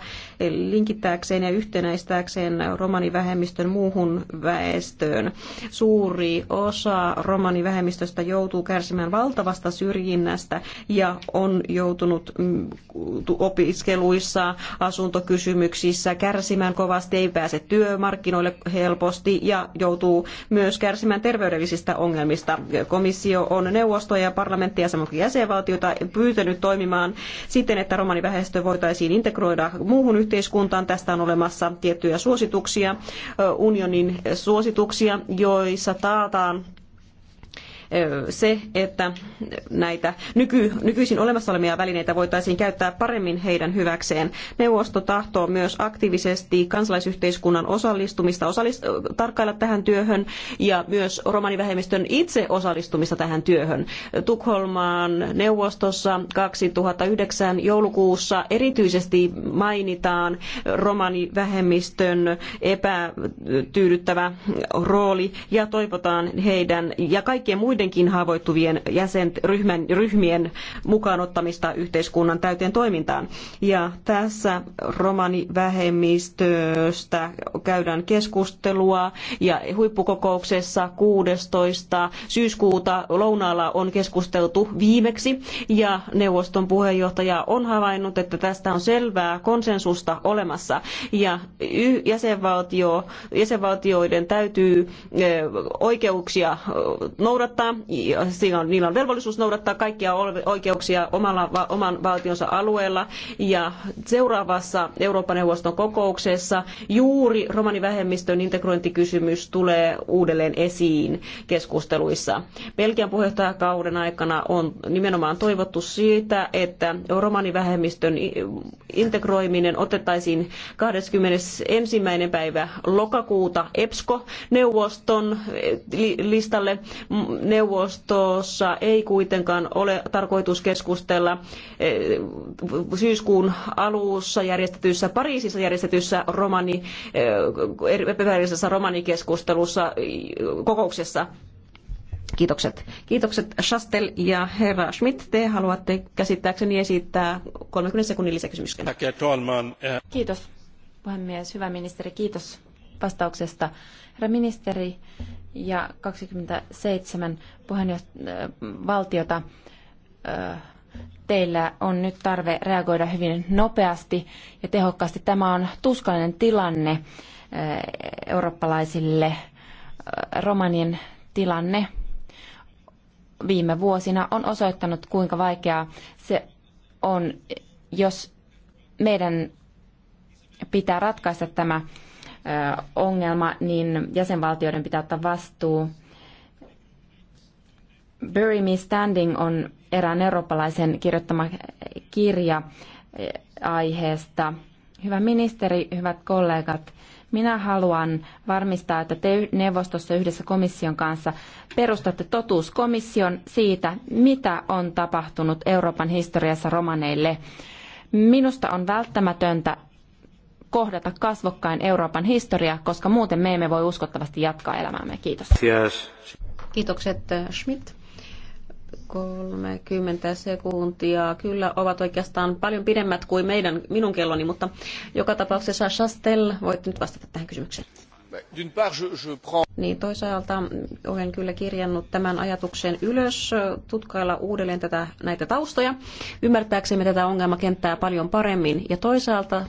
linkittääkseen ja yhtenäistääkseen romanivähemmistön muuhun väestöön. Suuri osa osa romanivähemmistöstä joutuu kärsimään valtavasta syrjinnästä ja on joutunut mm, opiskeluissa, asuntokysymyksissä kärsimään kovasti, ei pääse työmarkkinoille helposti ja joutuu myös kärsimään terveydellisistä ongelmista. Komissio on neuvostoja ja parlamenttia samoin kuin jäsenvaltiota pyytänyt toimimaan siten, että romanivähemmistö voitaisiin integroida muuhun yhteiskuntaan. Tästä on olemassa tiettyjä suosituksia, unionin suosituksia, joissa taataan se, että näitä nyky, nykyisin olemassa olevia välineitä voitaisiin käyttää paremmin heidän hyväkseen. Neuvosto tahtoo myös aktiivisesti kansalaisyhteiskunnan osallistumista osallist, tarkkailla tähän työhön ja myös romanivähemmistön itse osallistumista tähän työhön. Tukholman neuvostossa 2009 joulukuussa erityisesti mainitaan romanivähemmistön epätyydyttävä rooli ja toivotaan heidän ja kaikkien muiden muidenkin haavoittuvien jäsenryhmien ryhmien mukaan ottamista yhteiskunnan täyteen toimintaan. Ja tässä romanivähemmistöstä käydään keskustelua ja huippukokouksessa 16. syyskuuta lounaalla on keskusteltu viimeksi ja neuvoston puheenjohtaja on havainnut, että tästä on selvää konsensusta olemassa ja jäsenvaltio, jäsenvaltioiden täytyy oikeuksia noudattaa ja niillä on velvollisuus noudattaa kaikkia oikeuksia omalla, oman valtionsa alueella. Ja seuraavassa Euroopan neuvoston kokouksessa juuri romanivähemmistön integrointikysymys tulee uudelleen esiin keskusteluissa. Belgian puheenjohtajakauden aikana on nimenomaan toivottu siitä, että romanivähemmistön integroiminen otettaisiin 21. päivä lokakuuta EPSCO-neuvoston listalle neuvostossa ei kuitenkaan ole tarkoitus keskustella eh, syyskuun alussa järjestetyssä Pariisissa järjestetyssä romani, eh, epävirallisessa romanikeskustelussa eh, kokouksessa. Kiitokset. Kiitokset Shastel ja herra Schmidt. Te haluatte käsittääkseni esittää 30 sekunnin lisäkysymyksen. Kiitos puhemies. Hyvä ministeri, kiitos vastauksesta. Herra ministeri, ja 27 puheenjoht- äh, valtiota äh, teillä on nyt tarve reagoida hyvin nopeasti ja tehokkaasti. Tämä on tuskallinen tilanne äh, eurooppalaisille romanien tilanne viime vuosina on osoittanut, kuinka vaikeaa se on, jos meidän pitää ratkaista tämä ongelma, niin jäsenvaltioiden pitää ottaa vastuu. Bury Me Standing on erään eurooppalaisen kirjoittama kirja aiheesta. Hyvä ministeri, hyvät kollegat, minä haluan varmistaa, että te neuvostossa yhdessä komission kanssa perustatte totuuskomission siitä, mitä on tapahtunut Euroopan historiassa romaneille. Minusta on välttämätöntä, kohdata kasvokkain Euroopan historia, koska muuten me emme voi uskottavasti jatkaa elämäämme. Kiitos. Yes. Kiitokset äh, Schmidt. 30 sekuntia kyllä ovat oikeastaan paljon pidemmät kuin meidän, minun kelloni, mutta joka tapauksessa Chastel, voit nyt vastata tähän kysymykseen. Niin toisaalta olen kyllä kirjannut tämän ajatuksen ylös, tutkailla uudelleen tätä, näitä taustoja, ymmärtääksemme tätä ongelmakenttää paljon paremmin. Ja toisaalta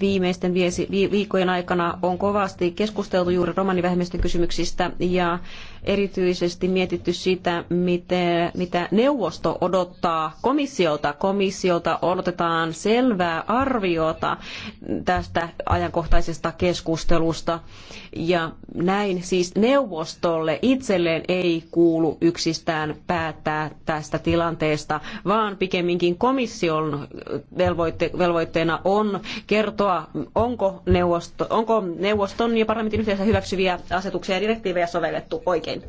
viimeisten viikkojen aikana on kovasti keskusteltu juuri romanivähemmistön kysymyksistä ja erityisesti mietitty sitä, miten, mitä neuvosto odottaa komissiolta. Komissiolta odotetaan selvää arviota tästä ajankohtaisesta keskustelusta ja näin siis neuvostolle itselleen ei kuulu yksistään päättää tästä tilanteesta, vaan pikemminkin komission velvoitteena on kertoa, katsoa, onko, neuvosto, onko neuvoston ja parlamentin yhteydessä hyväksyviä asetuksia ja direktiivejä sovellettu oikein.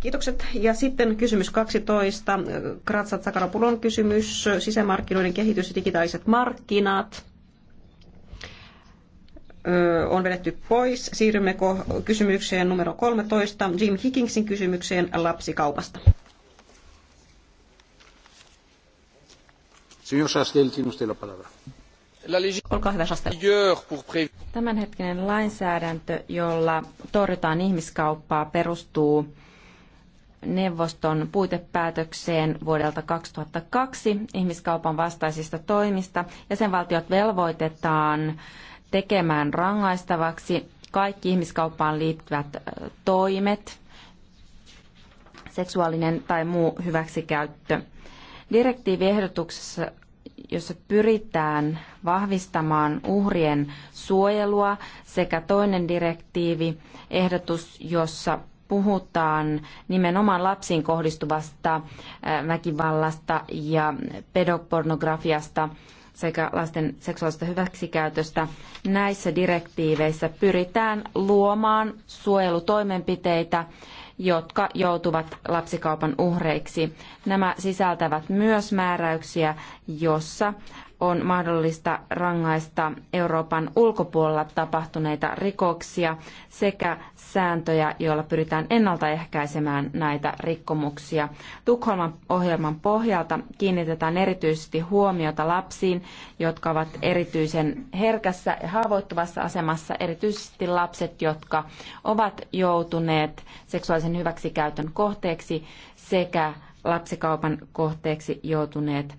Kiitokset. Ja sitten kysymys 12. Kratsat Sakarapulon kysymys. Sisämarkkinoiden kehitys ja digitaaliset markkinat on vedetty pois. Siirrymme kysymykseen numero 13, Jim Hickingsin kysymykseen lapsikaupasta. Señor Sastel, tiene usted la palabra. Olkaa hyvä, Tämänhetkinen lainsäädäntö, jolla torjutaan ihmiskauppaa, perustuu neuvoston puitepäätökseen vuodelta 2002 ihmiskaupan vastaisista toimista. Jäsenvaltiot velvoitetaan tekemään rangaistavaksi kaikki ihmiskauppaan liittyvät toimet, seksuaalinen tai muu hyväksikäyttö. Direktiiviehdotuksessa jossa pyritään vahvistamaan uhrien suojelua sekä toinen direktiivi, ehdotus, jossa puhutaan nimenomaan lapsiin kohdistuvasta äh, väkivallasta ja pedopornografiasta sekä lasten seksuaalista hyväksikäytöstä. Näissä direktiiveissä pyritään luomaan suojelutoimenpiteitä jotka joutuvat lapsikaupan uhreiksi. Nämä sisältävät myös määräyksiä, jossa on mahdollista rangaista Euroopan ulkopuolella tapahtuneita rikoksia sekä sääntöjä, joilla pyritään ennaltaehkäisemään näitä rikkomuksia. Tukholman ohjelman pohjalta kiinnitetään erityisesti huomiota lapsiin, jotka ovat erityisen herkässä ja haavoittuvassa asemassa, erityisesti lapset, jotka ovat joutuneet seksuaalisen hyväksikäytön kohteeksi sekä lapsikaupan kohteeksi joutuneet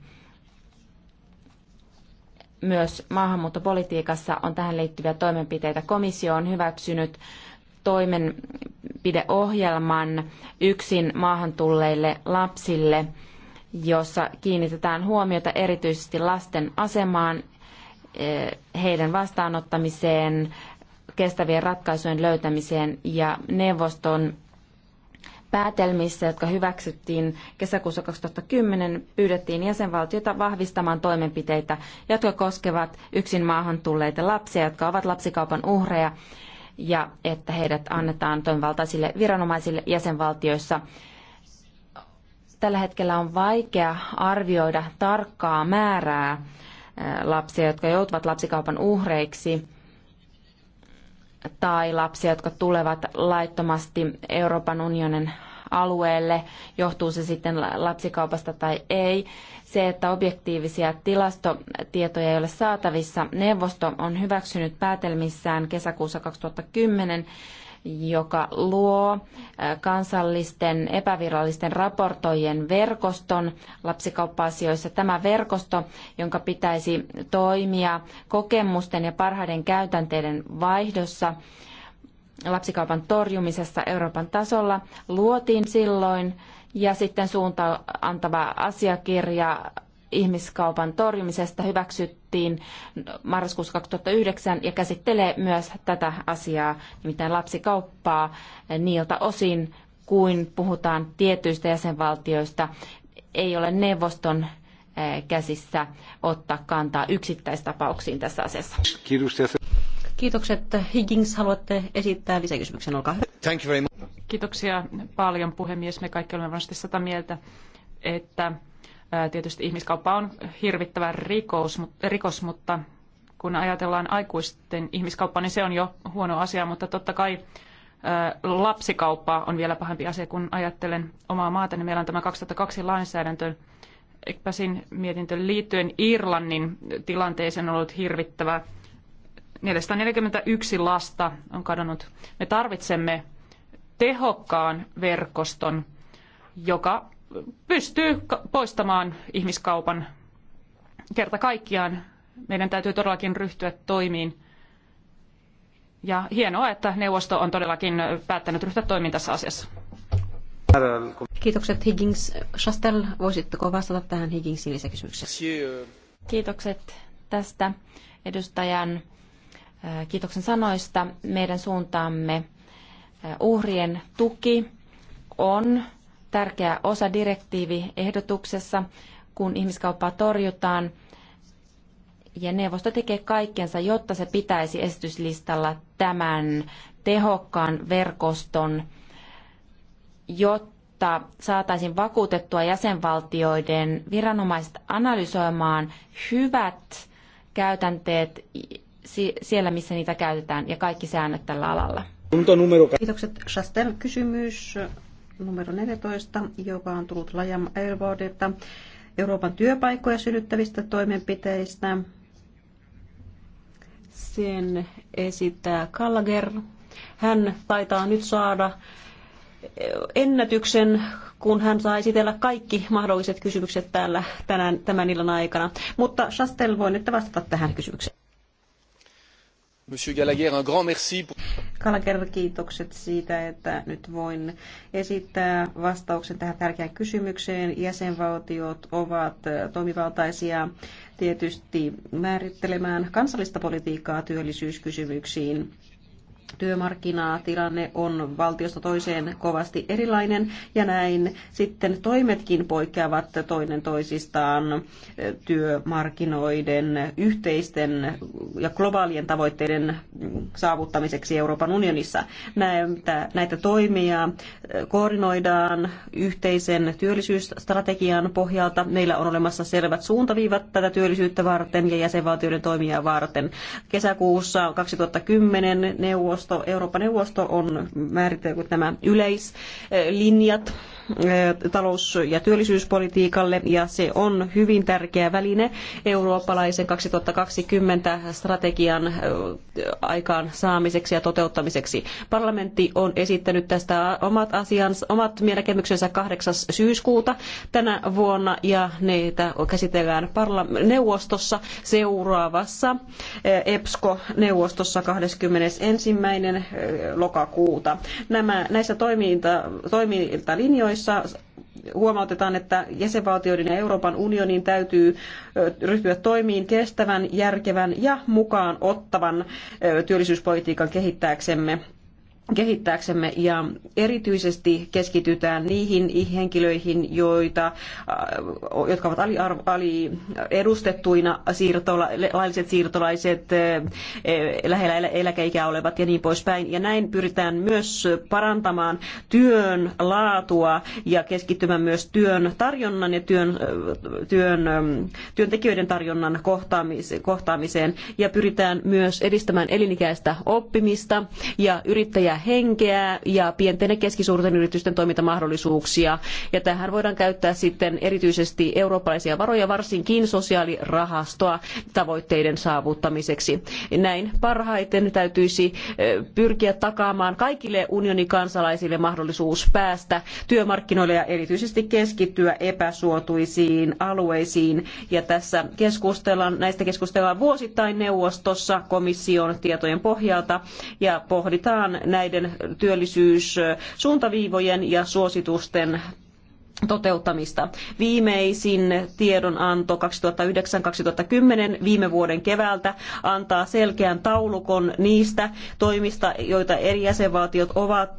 myös maahanmuuttopolitiikassa on tähän liittyviä toimenpiteitä. Komissio on hyväksynyt toimenpideohjelman yksin maahan tulleille lapsille, jossa kiinnitetään huomiota erityisesti lasten asemaan, eh, heidän vastaanottamiseen, kestävien ratkaisujen löytämiseen ja neuvoston päätelmissä, jotka hyväksyttiin kesäkuussa 2010, pyydettiin jäsenvaltiota vahvistamaan toimenpiteitä, jotka koskevat yksin maahan tulleita lapsia, jotka ovat lapsikaupan uhreja, ja että heidät annetaan toimivaltaisille viranomaisille jäsenvaltioissa. Tällä hetkellä on vaikea arvioida tarkkaa määrää lapsia, jotka joutuvat lapsikaupan uhreiksi tai lapsia, jotka tulevat laittomasti Euroopan unionin alueelle, johtuu se sitten lapsikaupasta tai ei. Se, että objektiivisia tilastotietoja ei ole saatavissa, neuvosto on hyväksynyt päätelmissään kesäkuussa 2010 joka luo kansallisten epävirallisten raportoijien verkoston lapsikauppa-asioissa. Tämä verkosto, jonka pitäisi toimia kokemusten ja parhaiden käytänteiden vaihdossa lapsikaupan torjumisessa Euroopan tasolla, luotiin silloin ja sitten suunta antava asiakirja ihmiskaupan torjumisesta hyväksyttiin marraskuussa 2009 ja käsittelee myös tätä asiaa, nimittäin lapsikauppaa niiltä osin, kuin puhutaan tietyistä jäsenvaltioista. Ei ole neuvoston eh, käsissä ottaa kantaa yksittäistapauksiin tässä asiassa. Kiitokset. Higgins, haluatte esittää lisäkysymyksen, olkaa hyvä. Thank you very much. Kiitoksia paljon puhemies. Me kaikki olemme varmasti sata mieltä, että Tietysti ihmiskauppa on hirvittävä rikos, rikos, mutta kun ajatellaan aikuisten ihmiskauppaa, niin se on jo huono asia, mutta totta kai lapsikauppa on vielä pahempi asia, kun ajattelen omaa maata, niin meillä on tämä 2002 lainsäädäntö. Ekpäsin mietintö liittyen Irlannin tilanteeseen on ollut hirvittävä. 441 lasta on kadonnut. Me tarvitsemme tehokkaan verkoston, joka pystyy poistamaan ihmiskaupan kerta kaikkiaan. Meidän täytyy todellakin ryhtyä toimiin. Ja hienoa, että neuvosto on todellakin päättänyt ryhtyä toimiin tässä asiassa. Kiitokset Higgins. Shastel, voisitteko vastata tähän Higginsin lisäkysymykseen? Kiitokset tästä edustajan äh, kiitoksen sanoista. Meidän suuntaamme äh, uhrien tuki on tärkeä osa direktiiviehdotuksessa, kun ihmiskauppaa torjutaan. Ja neuvosto tekee kaikkensa, jotta se pitäisi esityslistalla tämän tehokkaan verkoston, jotta saataisiin vakuutettua jäsenvaltioiden viranomaiset analysoimaan hyvät käytänteet siellä, missä niitä käytetään ja kaikki säännöt tällä alalla. Kiitokset Chastel. Kysymys numero 14, joka on tullut Lajam Airboardilta Euroopan työpaikkoja synnyttävistä toimenpiteistä. Sen esittää Kallager. Hän taitaa nyt saada ennätyksen, kun hän saa esitellä kaikki mahdolliset kysymykset täällä tänään, tämän illan aikana. Mutta Chastel voi nyt vastata tähän kysymykseen. Monsieur Gallagher, un grand merci pour... Kalaker, kiitokset siitä, että nyt voin esittää vastauksen tähän tärkeään kysymykseen. Jäsenvaltiot ovat toimivaltaisia tietysti määrittelemään kansallista politiikkaa työllisyyskysymyksiin työmarkkinatilanne on valtiosta toiseen kovasti erilainen ja näin sitten toimetkin poikkeavat toinen toisistaan työmarkkinoiden yhteisten ja globaalien tavoitteiden mm, saavuttamiseksi Euroopan unionissa. Näitä, näitä toimia koordinoidaan yhteisen työllisyysstrategian pohjalta. Meillä on olemassa selvät suuntaviivat tätä työllisyyttä varten ja jäsenvaltioiden toimia varten. Kesäkuussa 2010 neuvosto neuvosto, Euroopan neuvosto on määritellyt nämä yleislinjat talous- ja työllisyyspolitiikalle ja se on hyvin tärkeä väline eurooppalaisen 2020 strategian aikaan saamiseksi ja toteuttamiseksi. Parlamentti on esittänyt tästä omat, asians, omat mielenkiintoisensa 8. syyskuuta tänä vuonna ja niitä käsitellään parla- neuvostossa seuraavassa EPSCO-neuvostossa 21. lokakuuta. Nämä, näissä toiminta, toimintalinjoissa joissa huomautetaan, että jäsenvaltioiden ja Euroopan unionin täytyy ryhtyä toimiin kestävän, järkevän ja mukaan ottavan työllisyyspolitiikan kehittääksemme kehittääksemme ja erityisesti keskitytään niihin henkilöihin, joita, äh, jotka ovat aliedustettuina, siirtola, lailliset siirtolaiset, äh, äh, lähellä eläkeikää olevat ja niin poispäin. Ja näin pyritään myös parantamaan työn laatua ja keskittymään myös työn tarjonnan ja työn, työn, ähm, työntekijöiden tarjonnan kohtaamiseen ja pyritään myös edistämään elinikäistä oppimista ja yrittäjää yrittäjä henkeä ja pienten ja keskisuurten yritysten toimintamahdollisuuksia. Ja tähän voidaan käyttää sitten erityisesti eurooppalaisia varoja, varsinkin sosiaalirahastoa tavoitteiden saavuttamiseksi. Näin parhaiten täytyisi pyrkiä takaamaan kaikille unionin kansalaisille mahdollisuus päästä työmarkkinoille ja erityisesti keskittyä epäsuotuisiin alueisiin. Ja tässä keskustellaan, näistä keskustellaan vuosittain neuvostossa komission tietojen pohjalta ja pohditaan näitä näiden työllisyyssuuntaviivojen ja suositusten toteuttamista. Viimeisin tiedonanto 2009-2010 viime vuoden keväältä antaa selkeän taulukon niistä toimista, joita eri jäsenvaltiot ovat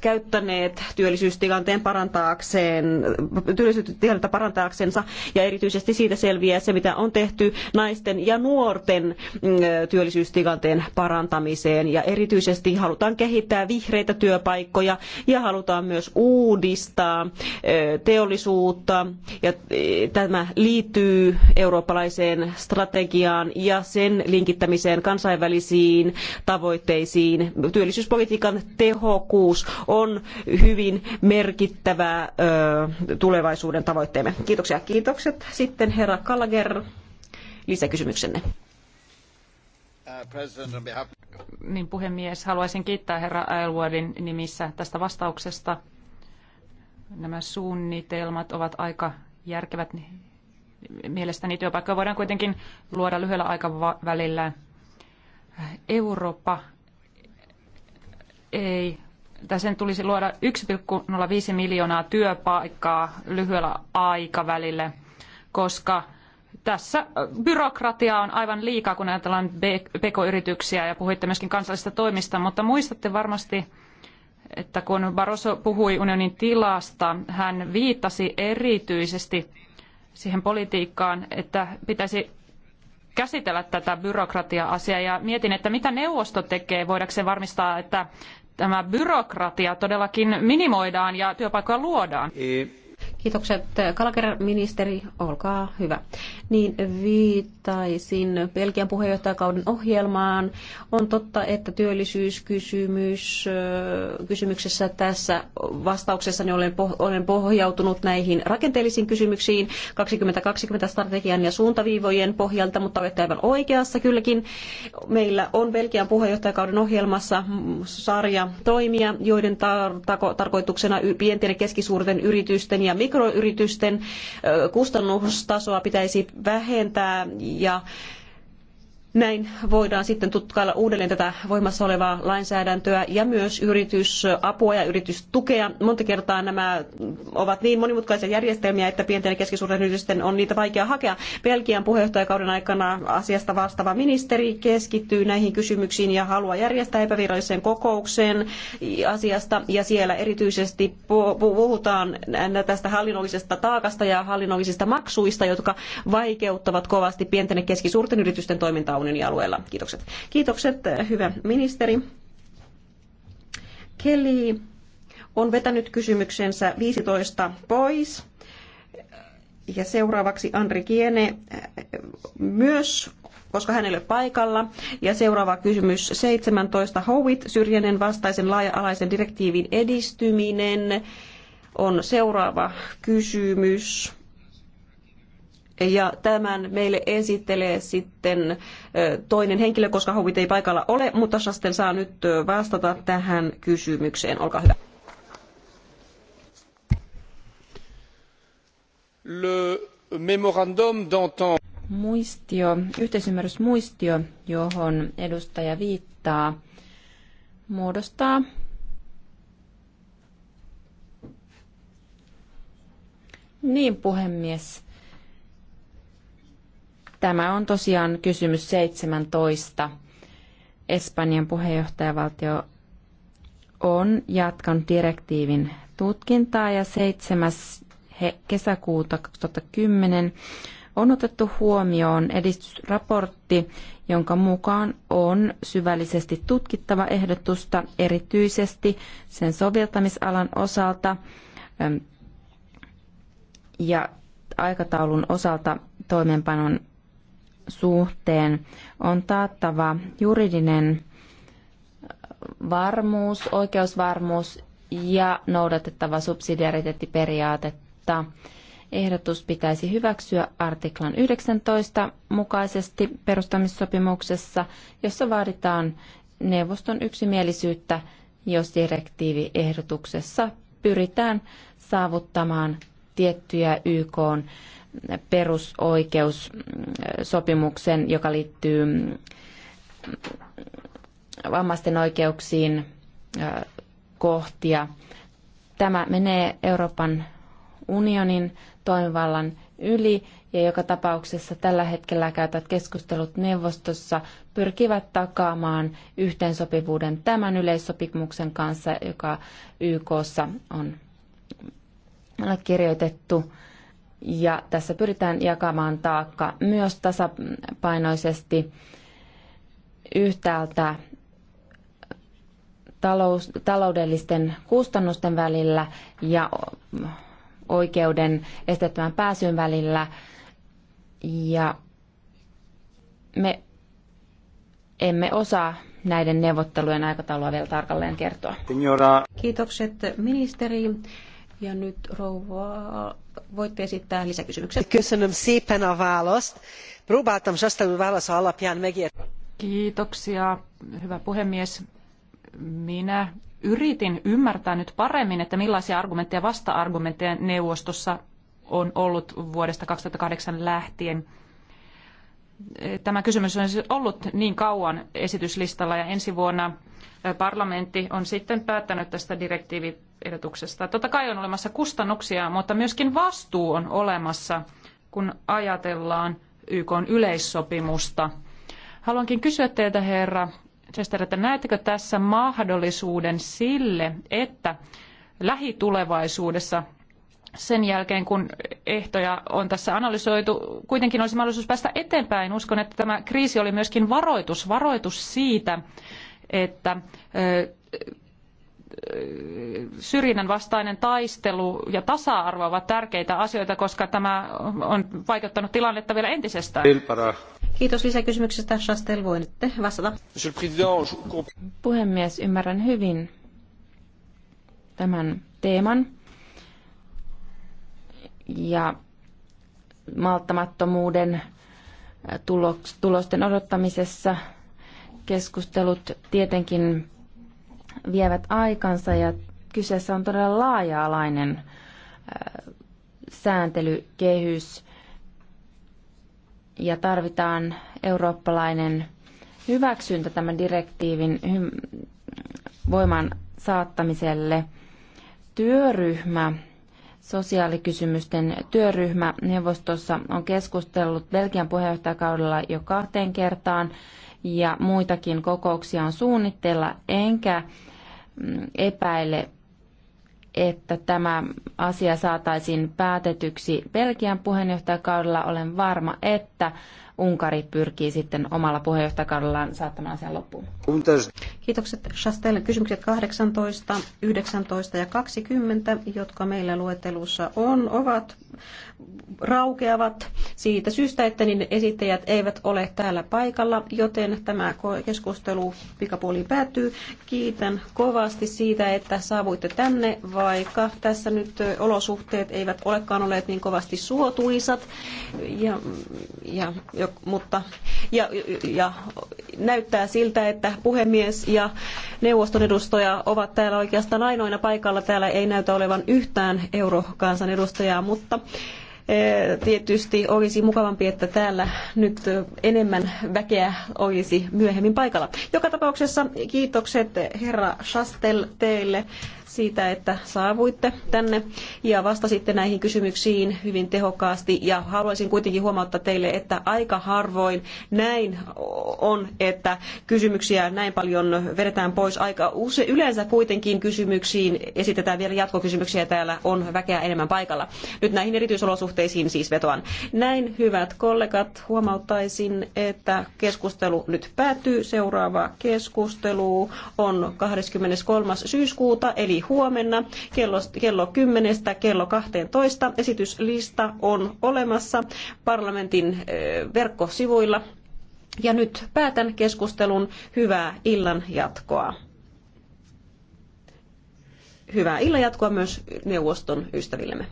käyttäneet työllisyystilanteen parantaakseen, työllisyystilannetta parantaaksensa ja erityisesti siitä selviää se, mitä on tehty naisten ja nuorten mm, työllisyystilanteen parantamiseen ja erityisesti halutaan kehittää vihreitä työpaikkoja ja halutaan myös uudistaa teollisuutta ja e, tämä liittyy eurooppalaiseen strategiaan ja sen linkittämiseen kansainvälisiin tavoitteisiin. Työllisyyspolitiikan tehokkuus on hyvin merkittävä tulevaisuuden tavoitteemme. Kiitoksia. Kiitokset. Sitten herra Kallager, lisäkysymyksenne. Uh, niin puhemies, haluaisin kiittää herra Aylwardin nimissä tästä vastauksesta nämä suunnitelmat ovat aika järkevät. Mielestäni työpaikkoja voidaan kuitenkin luoda lyhyellä aikavälillä. Eurooppa ei, tai sen tulisi luoda 1,05 miljoonaa työpaikkaa lyhyellä aikavälillä, koska tässä byrokratia on aivan liikaa, kun ajatellaan pk-yrityksiä ja puhuitte myöskin kansallisista toimista, mutta muistatte varmasti että kun Barroso puhui unionin tilasta, hän viittasi erityisesti siihen politiikkaan, että pitäisi käsitellä tätä byrokratia-asiaa ja mietin, että mitä neuvosto tekee, voidakseen varmistaa, että tämä byrokratia todellakin minimoidaan ja työpaikkoja luodaan. E- Kiitokset. Kalker-ministeri, olkaa hyvä. Niin viittaisin Belgian puheenjohtajakauden ohjelmaan. On totta, että työllisyyskysymys kysymyksessä tässä vastauksessa niin olen, olen pohjautunut näihin rakenteellisiin kysymyksiin 2020-strategian ja suuntaviivojen pohjalta, mutta olette aivan oikeassa kylläkin. Meillä on Belgian puheenjohtajakauden ohjelmassa sarja toimia, joiden tar- tarko- tarkoituksena pienten ja keskisuurten yritysten ja mik- mikroyritysten kustannustasoa pitäisi vähentää ja näin voidaan sitten tutkailla uudelleen tätä voimassa olevaa lainsäädäntöä ja myös yritysapua ja yritystukea. Monta kertaa nämä ovat niin monimutkaisia järjestelmiä, että pienten ja keskisuurten yritysten on niitä vaikea hakea. Belgian puheenjohtajakauden aikana asiasta vastaava ministeri keskittyy näihin kysymyksiin ja haluaa järjestää epävirallisen kokouksen asiasta. Ja siellä erityisesti puhutaan tästä hallinnollisesta taakasta ja hallinnollisista maksuista, jotka vaikeuttavat kovasti pienten ja keskisuurten yritysten toimintaa unionin alueella. Kiitokset. Kiitokset, eh, hyvä ministeri. Kelly on vetänyt kysymyksensä 15 pois. Ja seuraavaksi Andri Kiene eh, myös, koska hän ei ole paikalla. Ja seuraava kysymys 17. Howitt, syrjäinen vastaisen laaja-alaisen direktiivin edistyminen on seuraava kysymys. Ja tämän meille esittelee sitten toinen henkilö, koska Hovit ei paikalla ole, mutta Shasten saa nyt vastata tähän kysymykseen. Olkaa hyvä. Le memorandum d'entente. Muistio, yhteisymmärrysmuistio, johon edustaja viittaa, muodostaa niin puhemies Tämä on tosiaan kysymys 17. Espanjan puheenjohtajavaltio on jatkanut direktiivin tutkintaa ja 7. kesäkuuta 2010 on otettu huomioon edistysraportti, jonka mukaan on syvällisesti tutkittava ehdotusta erityisesti sen soveltamisalan osalta ja aikataulun osalta toimeenpanon suhteen on taattava juridinen varmuus, oikeusvarmuus ja noudatettava subsidiariteettiperiaatetta. Ehdotus pitäisi hyväksyä artiklan 19 mukaisesti perustamissopimuksessa, jossa vaaditaan neuvoston yksimielisyyttä, jos direktiiviehdotuksessa pyritään saavuttamaan tiettyjä YK perusoikeussopimuksen, joka liittyy vammaisten oikeuksiin kohtia. Tämä menee Euroopan unionin toimivallan yli ja joka tapauksessa tällä hetkellä käytät keskustelut neuvostossa pyrkivät takaamaan yhteensopivuuden tämän yleissopimuksen kanssa, joka YKssa on kirjoitettu ja tässä pyritään jakamaan taakka myös tasapainoisesti yhtäältä talous, taloudellisten kustannusten välillä ja oikeuden estettävän pääsyn välillä. Ja me emme osaa näiden neuvottelujen aikataulua vielä tarkalleen kertoa. Kiitokset ministeri. Ja nyt rouva, voitte esittää lisäkysymyksen. Kysynyt siipen avalost. Próbáltam sastanut válasza alapján megérteni. Kiitoksia, hyvä puhemies. Minä yritin ymmärtää nyt paremmin, että millaisia argumentteja ja vasta-argumentteja neuvostossa on ollut vuodesta 2008 lähtien. Tämä kysymys on siis ollut niin kauan esityslistalla ja ensi vuonna parlamentti on sitten päättänyt tästä direktiiviehdotuksesta. Totta kai on olemassa kustannuksia, mutta myöskin vastuu on olemassa, kun ajatellaan YK yleissopimusta. Haluankin kysyä teiltä, herra Chester, että näettekö tässä mahdollisuuden sille, että lähitulevaisuudessa sen jälkeen, kun ehtoja on tässä analysoitu, kuitenkin olisi mahdollisuus päästä eteenpäin. Uskon, että tämä kriisi oli myöskin varoitus, varoitus siitä, että syrjinnän vastainen taistelu ja tasa-arvo ovat tärkeitä asioita, koska tämä on vaikuttanut tilannetta vielä entisestään. Kiitos lisäkysymyksestä. Chastel, voitte vastata. Puhemies, ymmärrän hyvin tämän teeman. Ja malttamattomuuden tulosten odottamisessa – keskustelut tietenkin vievät aikansa ja kyseessä on todella laaja-alainen sääntelykehys ja tarvitaan eurooppalainen hyväksyntä tämän direktiivin voimaan saattamiselle. Työryhmä, sosiaalikysymysten työryhmä neuvostossa on keskustellut Belgian puheenjohtajakaudella jo kahteen kertaan ja muitakin kokouksia on suunnitteilla, enkä mm, epäile, että tämä asia saataisiin päätetyksi Belgian puheenjohtajakaudella. Olen varma, että Unkari pyrkii sitten omalla puheenjohtajakaudellaan saattamaan sen loppuun. Kiitokset Chastel. Kysymykset 18, 19 ja 20, jotka meillä luettelussa on, ovat raukeavat siitä syystä, että niin esittäjät eivät ole täällä paikalla, joten tämä keskustelu pikapuoliin päättyy. Kiitän kovasti siitä, että saavuitte tänne, vaikka tässä nyt olosuhteet eivät olekaan olleet niin kovasti suotuisat. Ja, ja mutta ja, ja näyttää siltä, että puhemies ja neuvoston edustaja ovat täällä oikeastaan ainoina paikalla. Täällä ei näytä olevan yhtään eurokansan edustajaa, mutta eh, tietysti olisi mukavampi, että täällä nyt enemmän väkeä olisi myöhemmin paikalla. Joka tapauksessa kiitokset herra Chastel teille siitä, että saavuitte tänne ja vastasitte näihin kysymyksiin hyvin tehokkaasti. Ja haluaisin kuitenkin huomauttaa teille, että aika harvoin näin on, että kysymyksiä näin paljon vedetään pois. Aika use, yleensä kuitenkin kysymyksiin esitetään vielä jatkokysymyksiä ja täällä on väkeä enemmän paikalla. Nyt näihin erityisolosuhteisiin siis vetoan. Näin hyvät kollegat, huomauttaisin, että keskustelu nyt päättyy. Seuraava keskustelu on 23. syyskuuta eli huomenna kello, kello 10 kello 12. Esityslista on olemassa parlamentin eh, verkkosivuilla. Ja nyt päätän keskustelun. Hyvää illan jatkoa. Hyvää illan jatkoa myös neuvoston ystävillemme.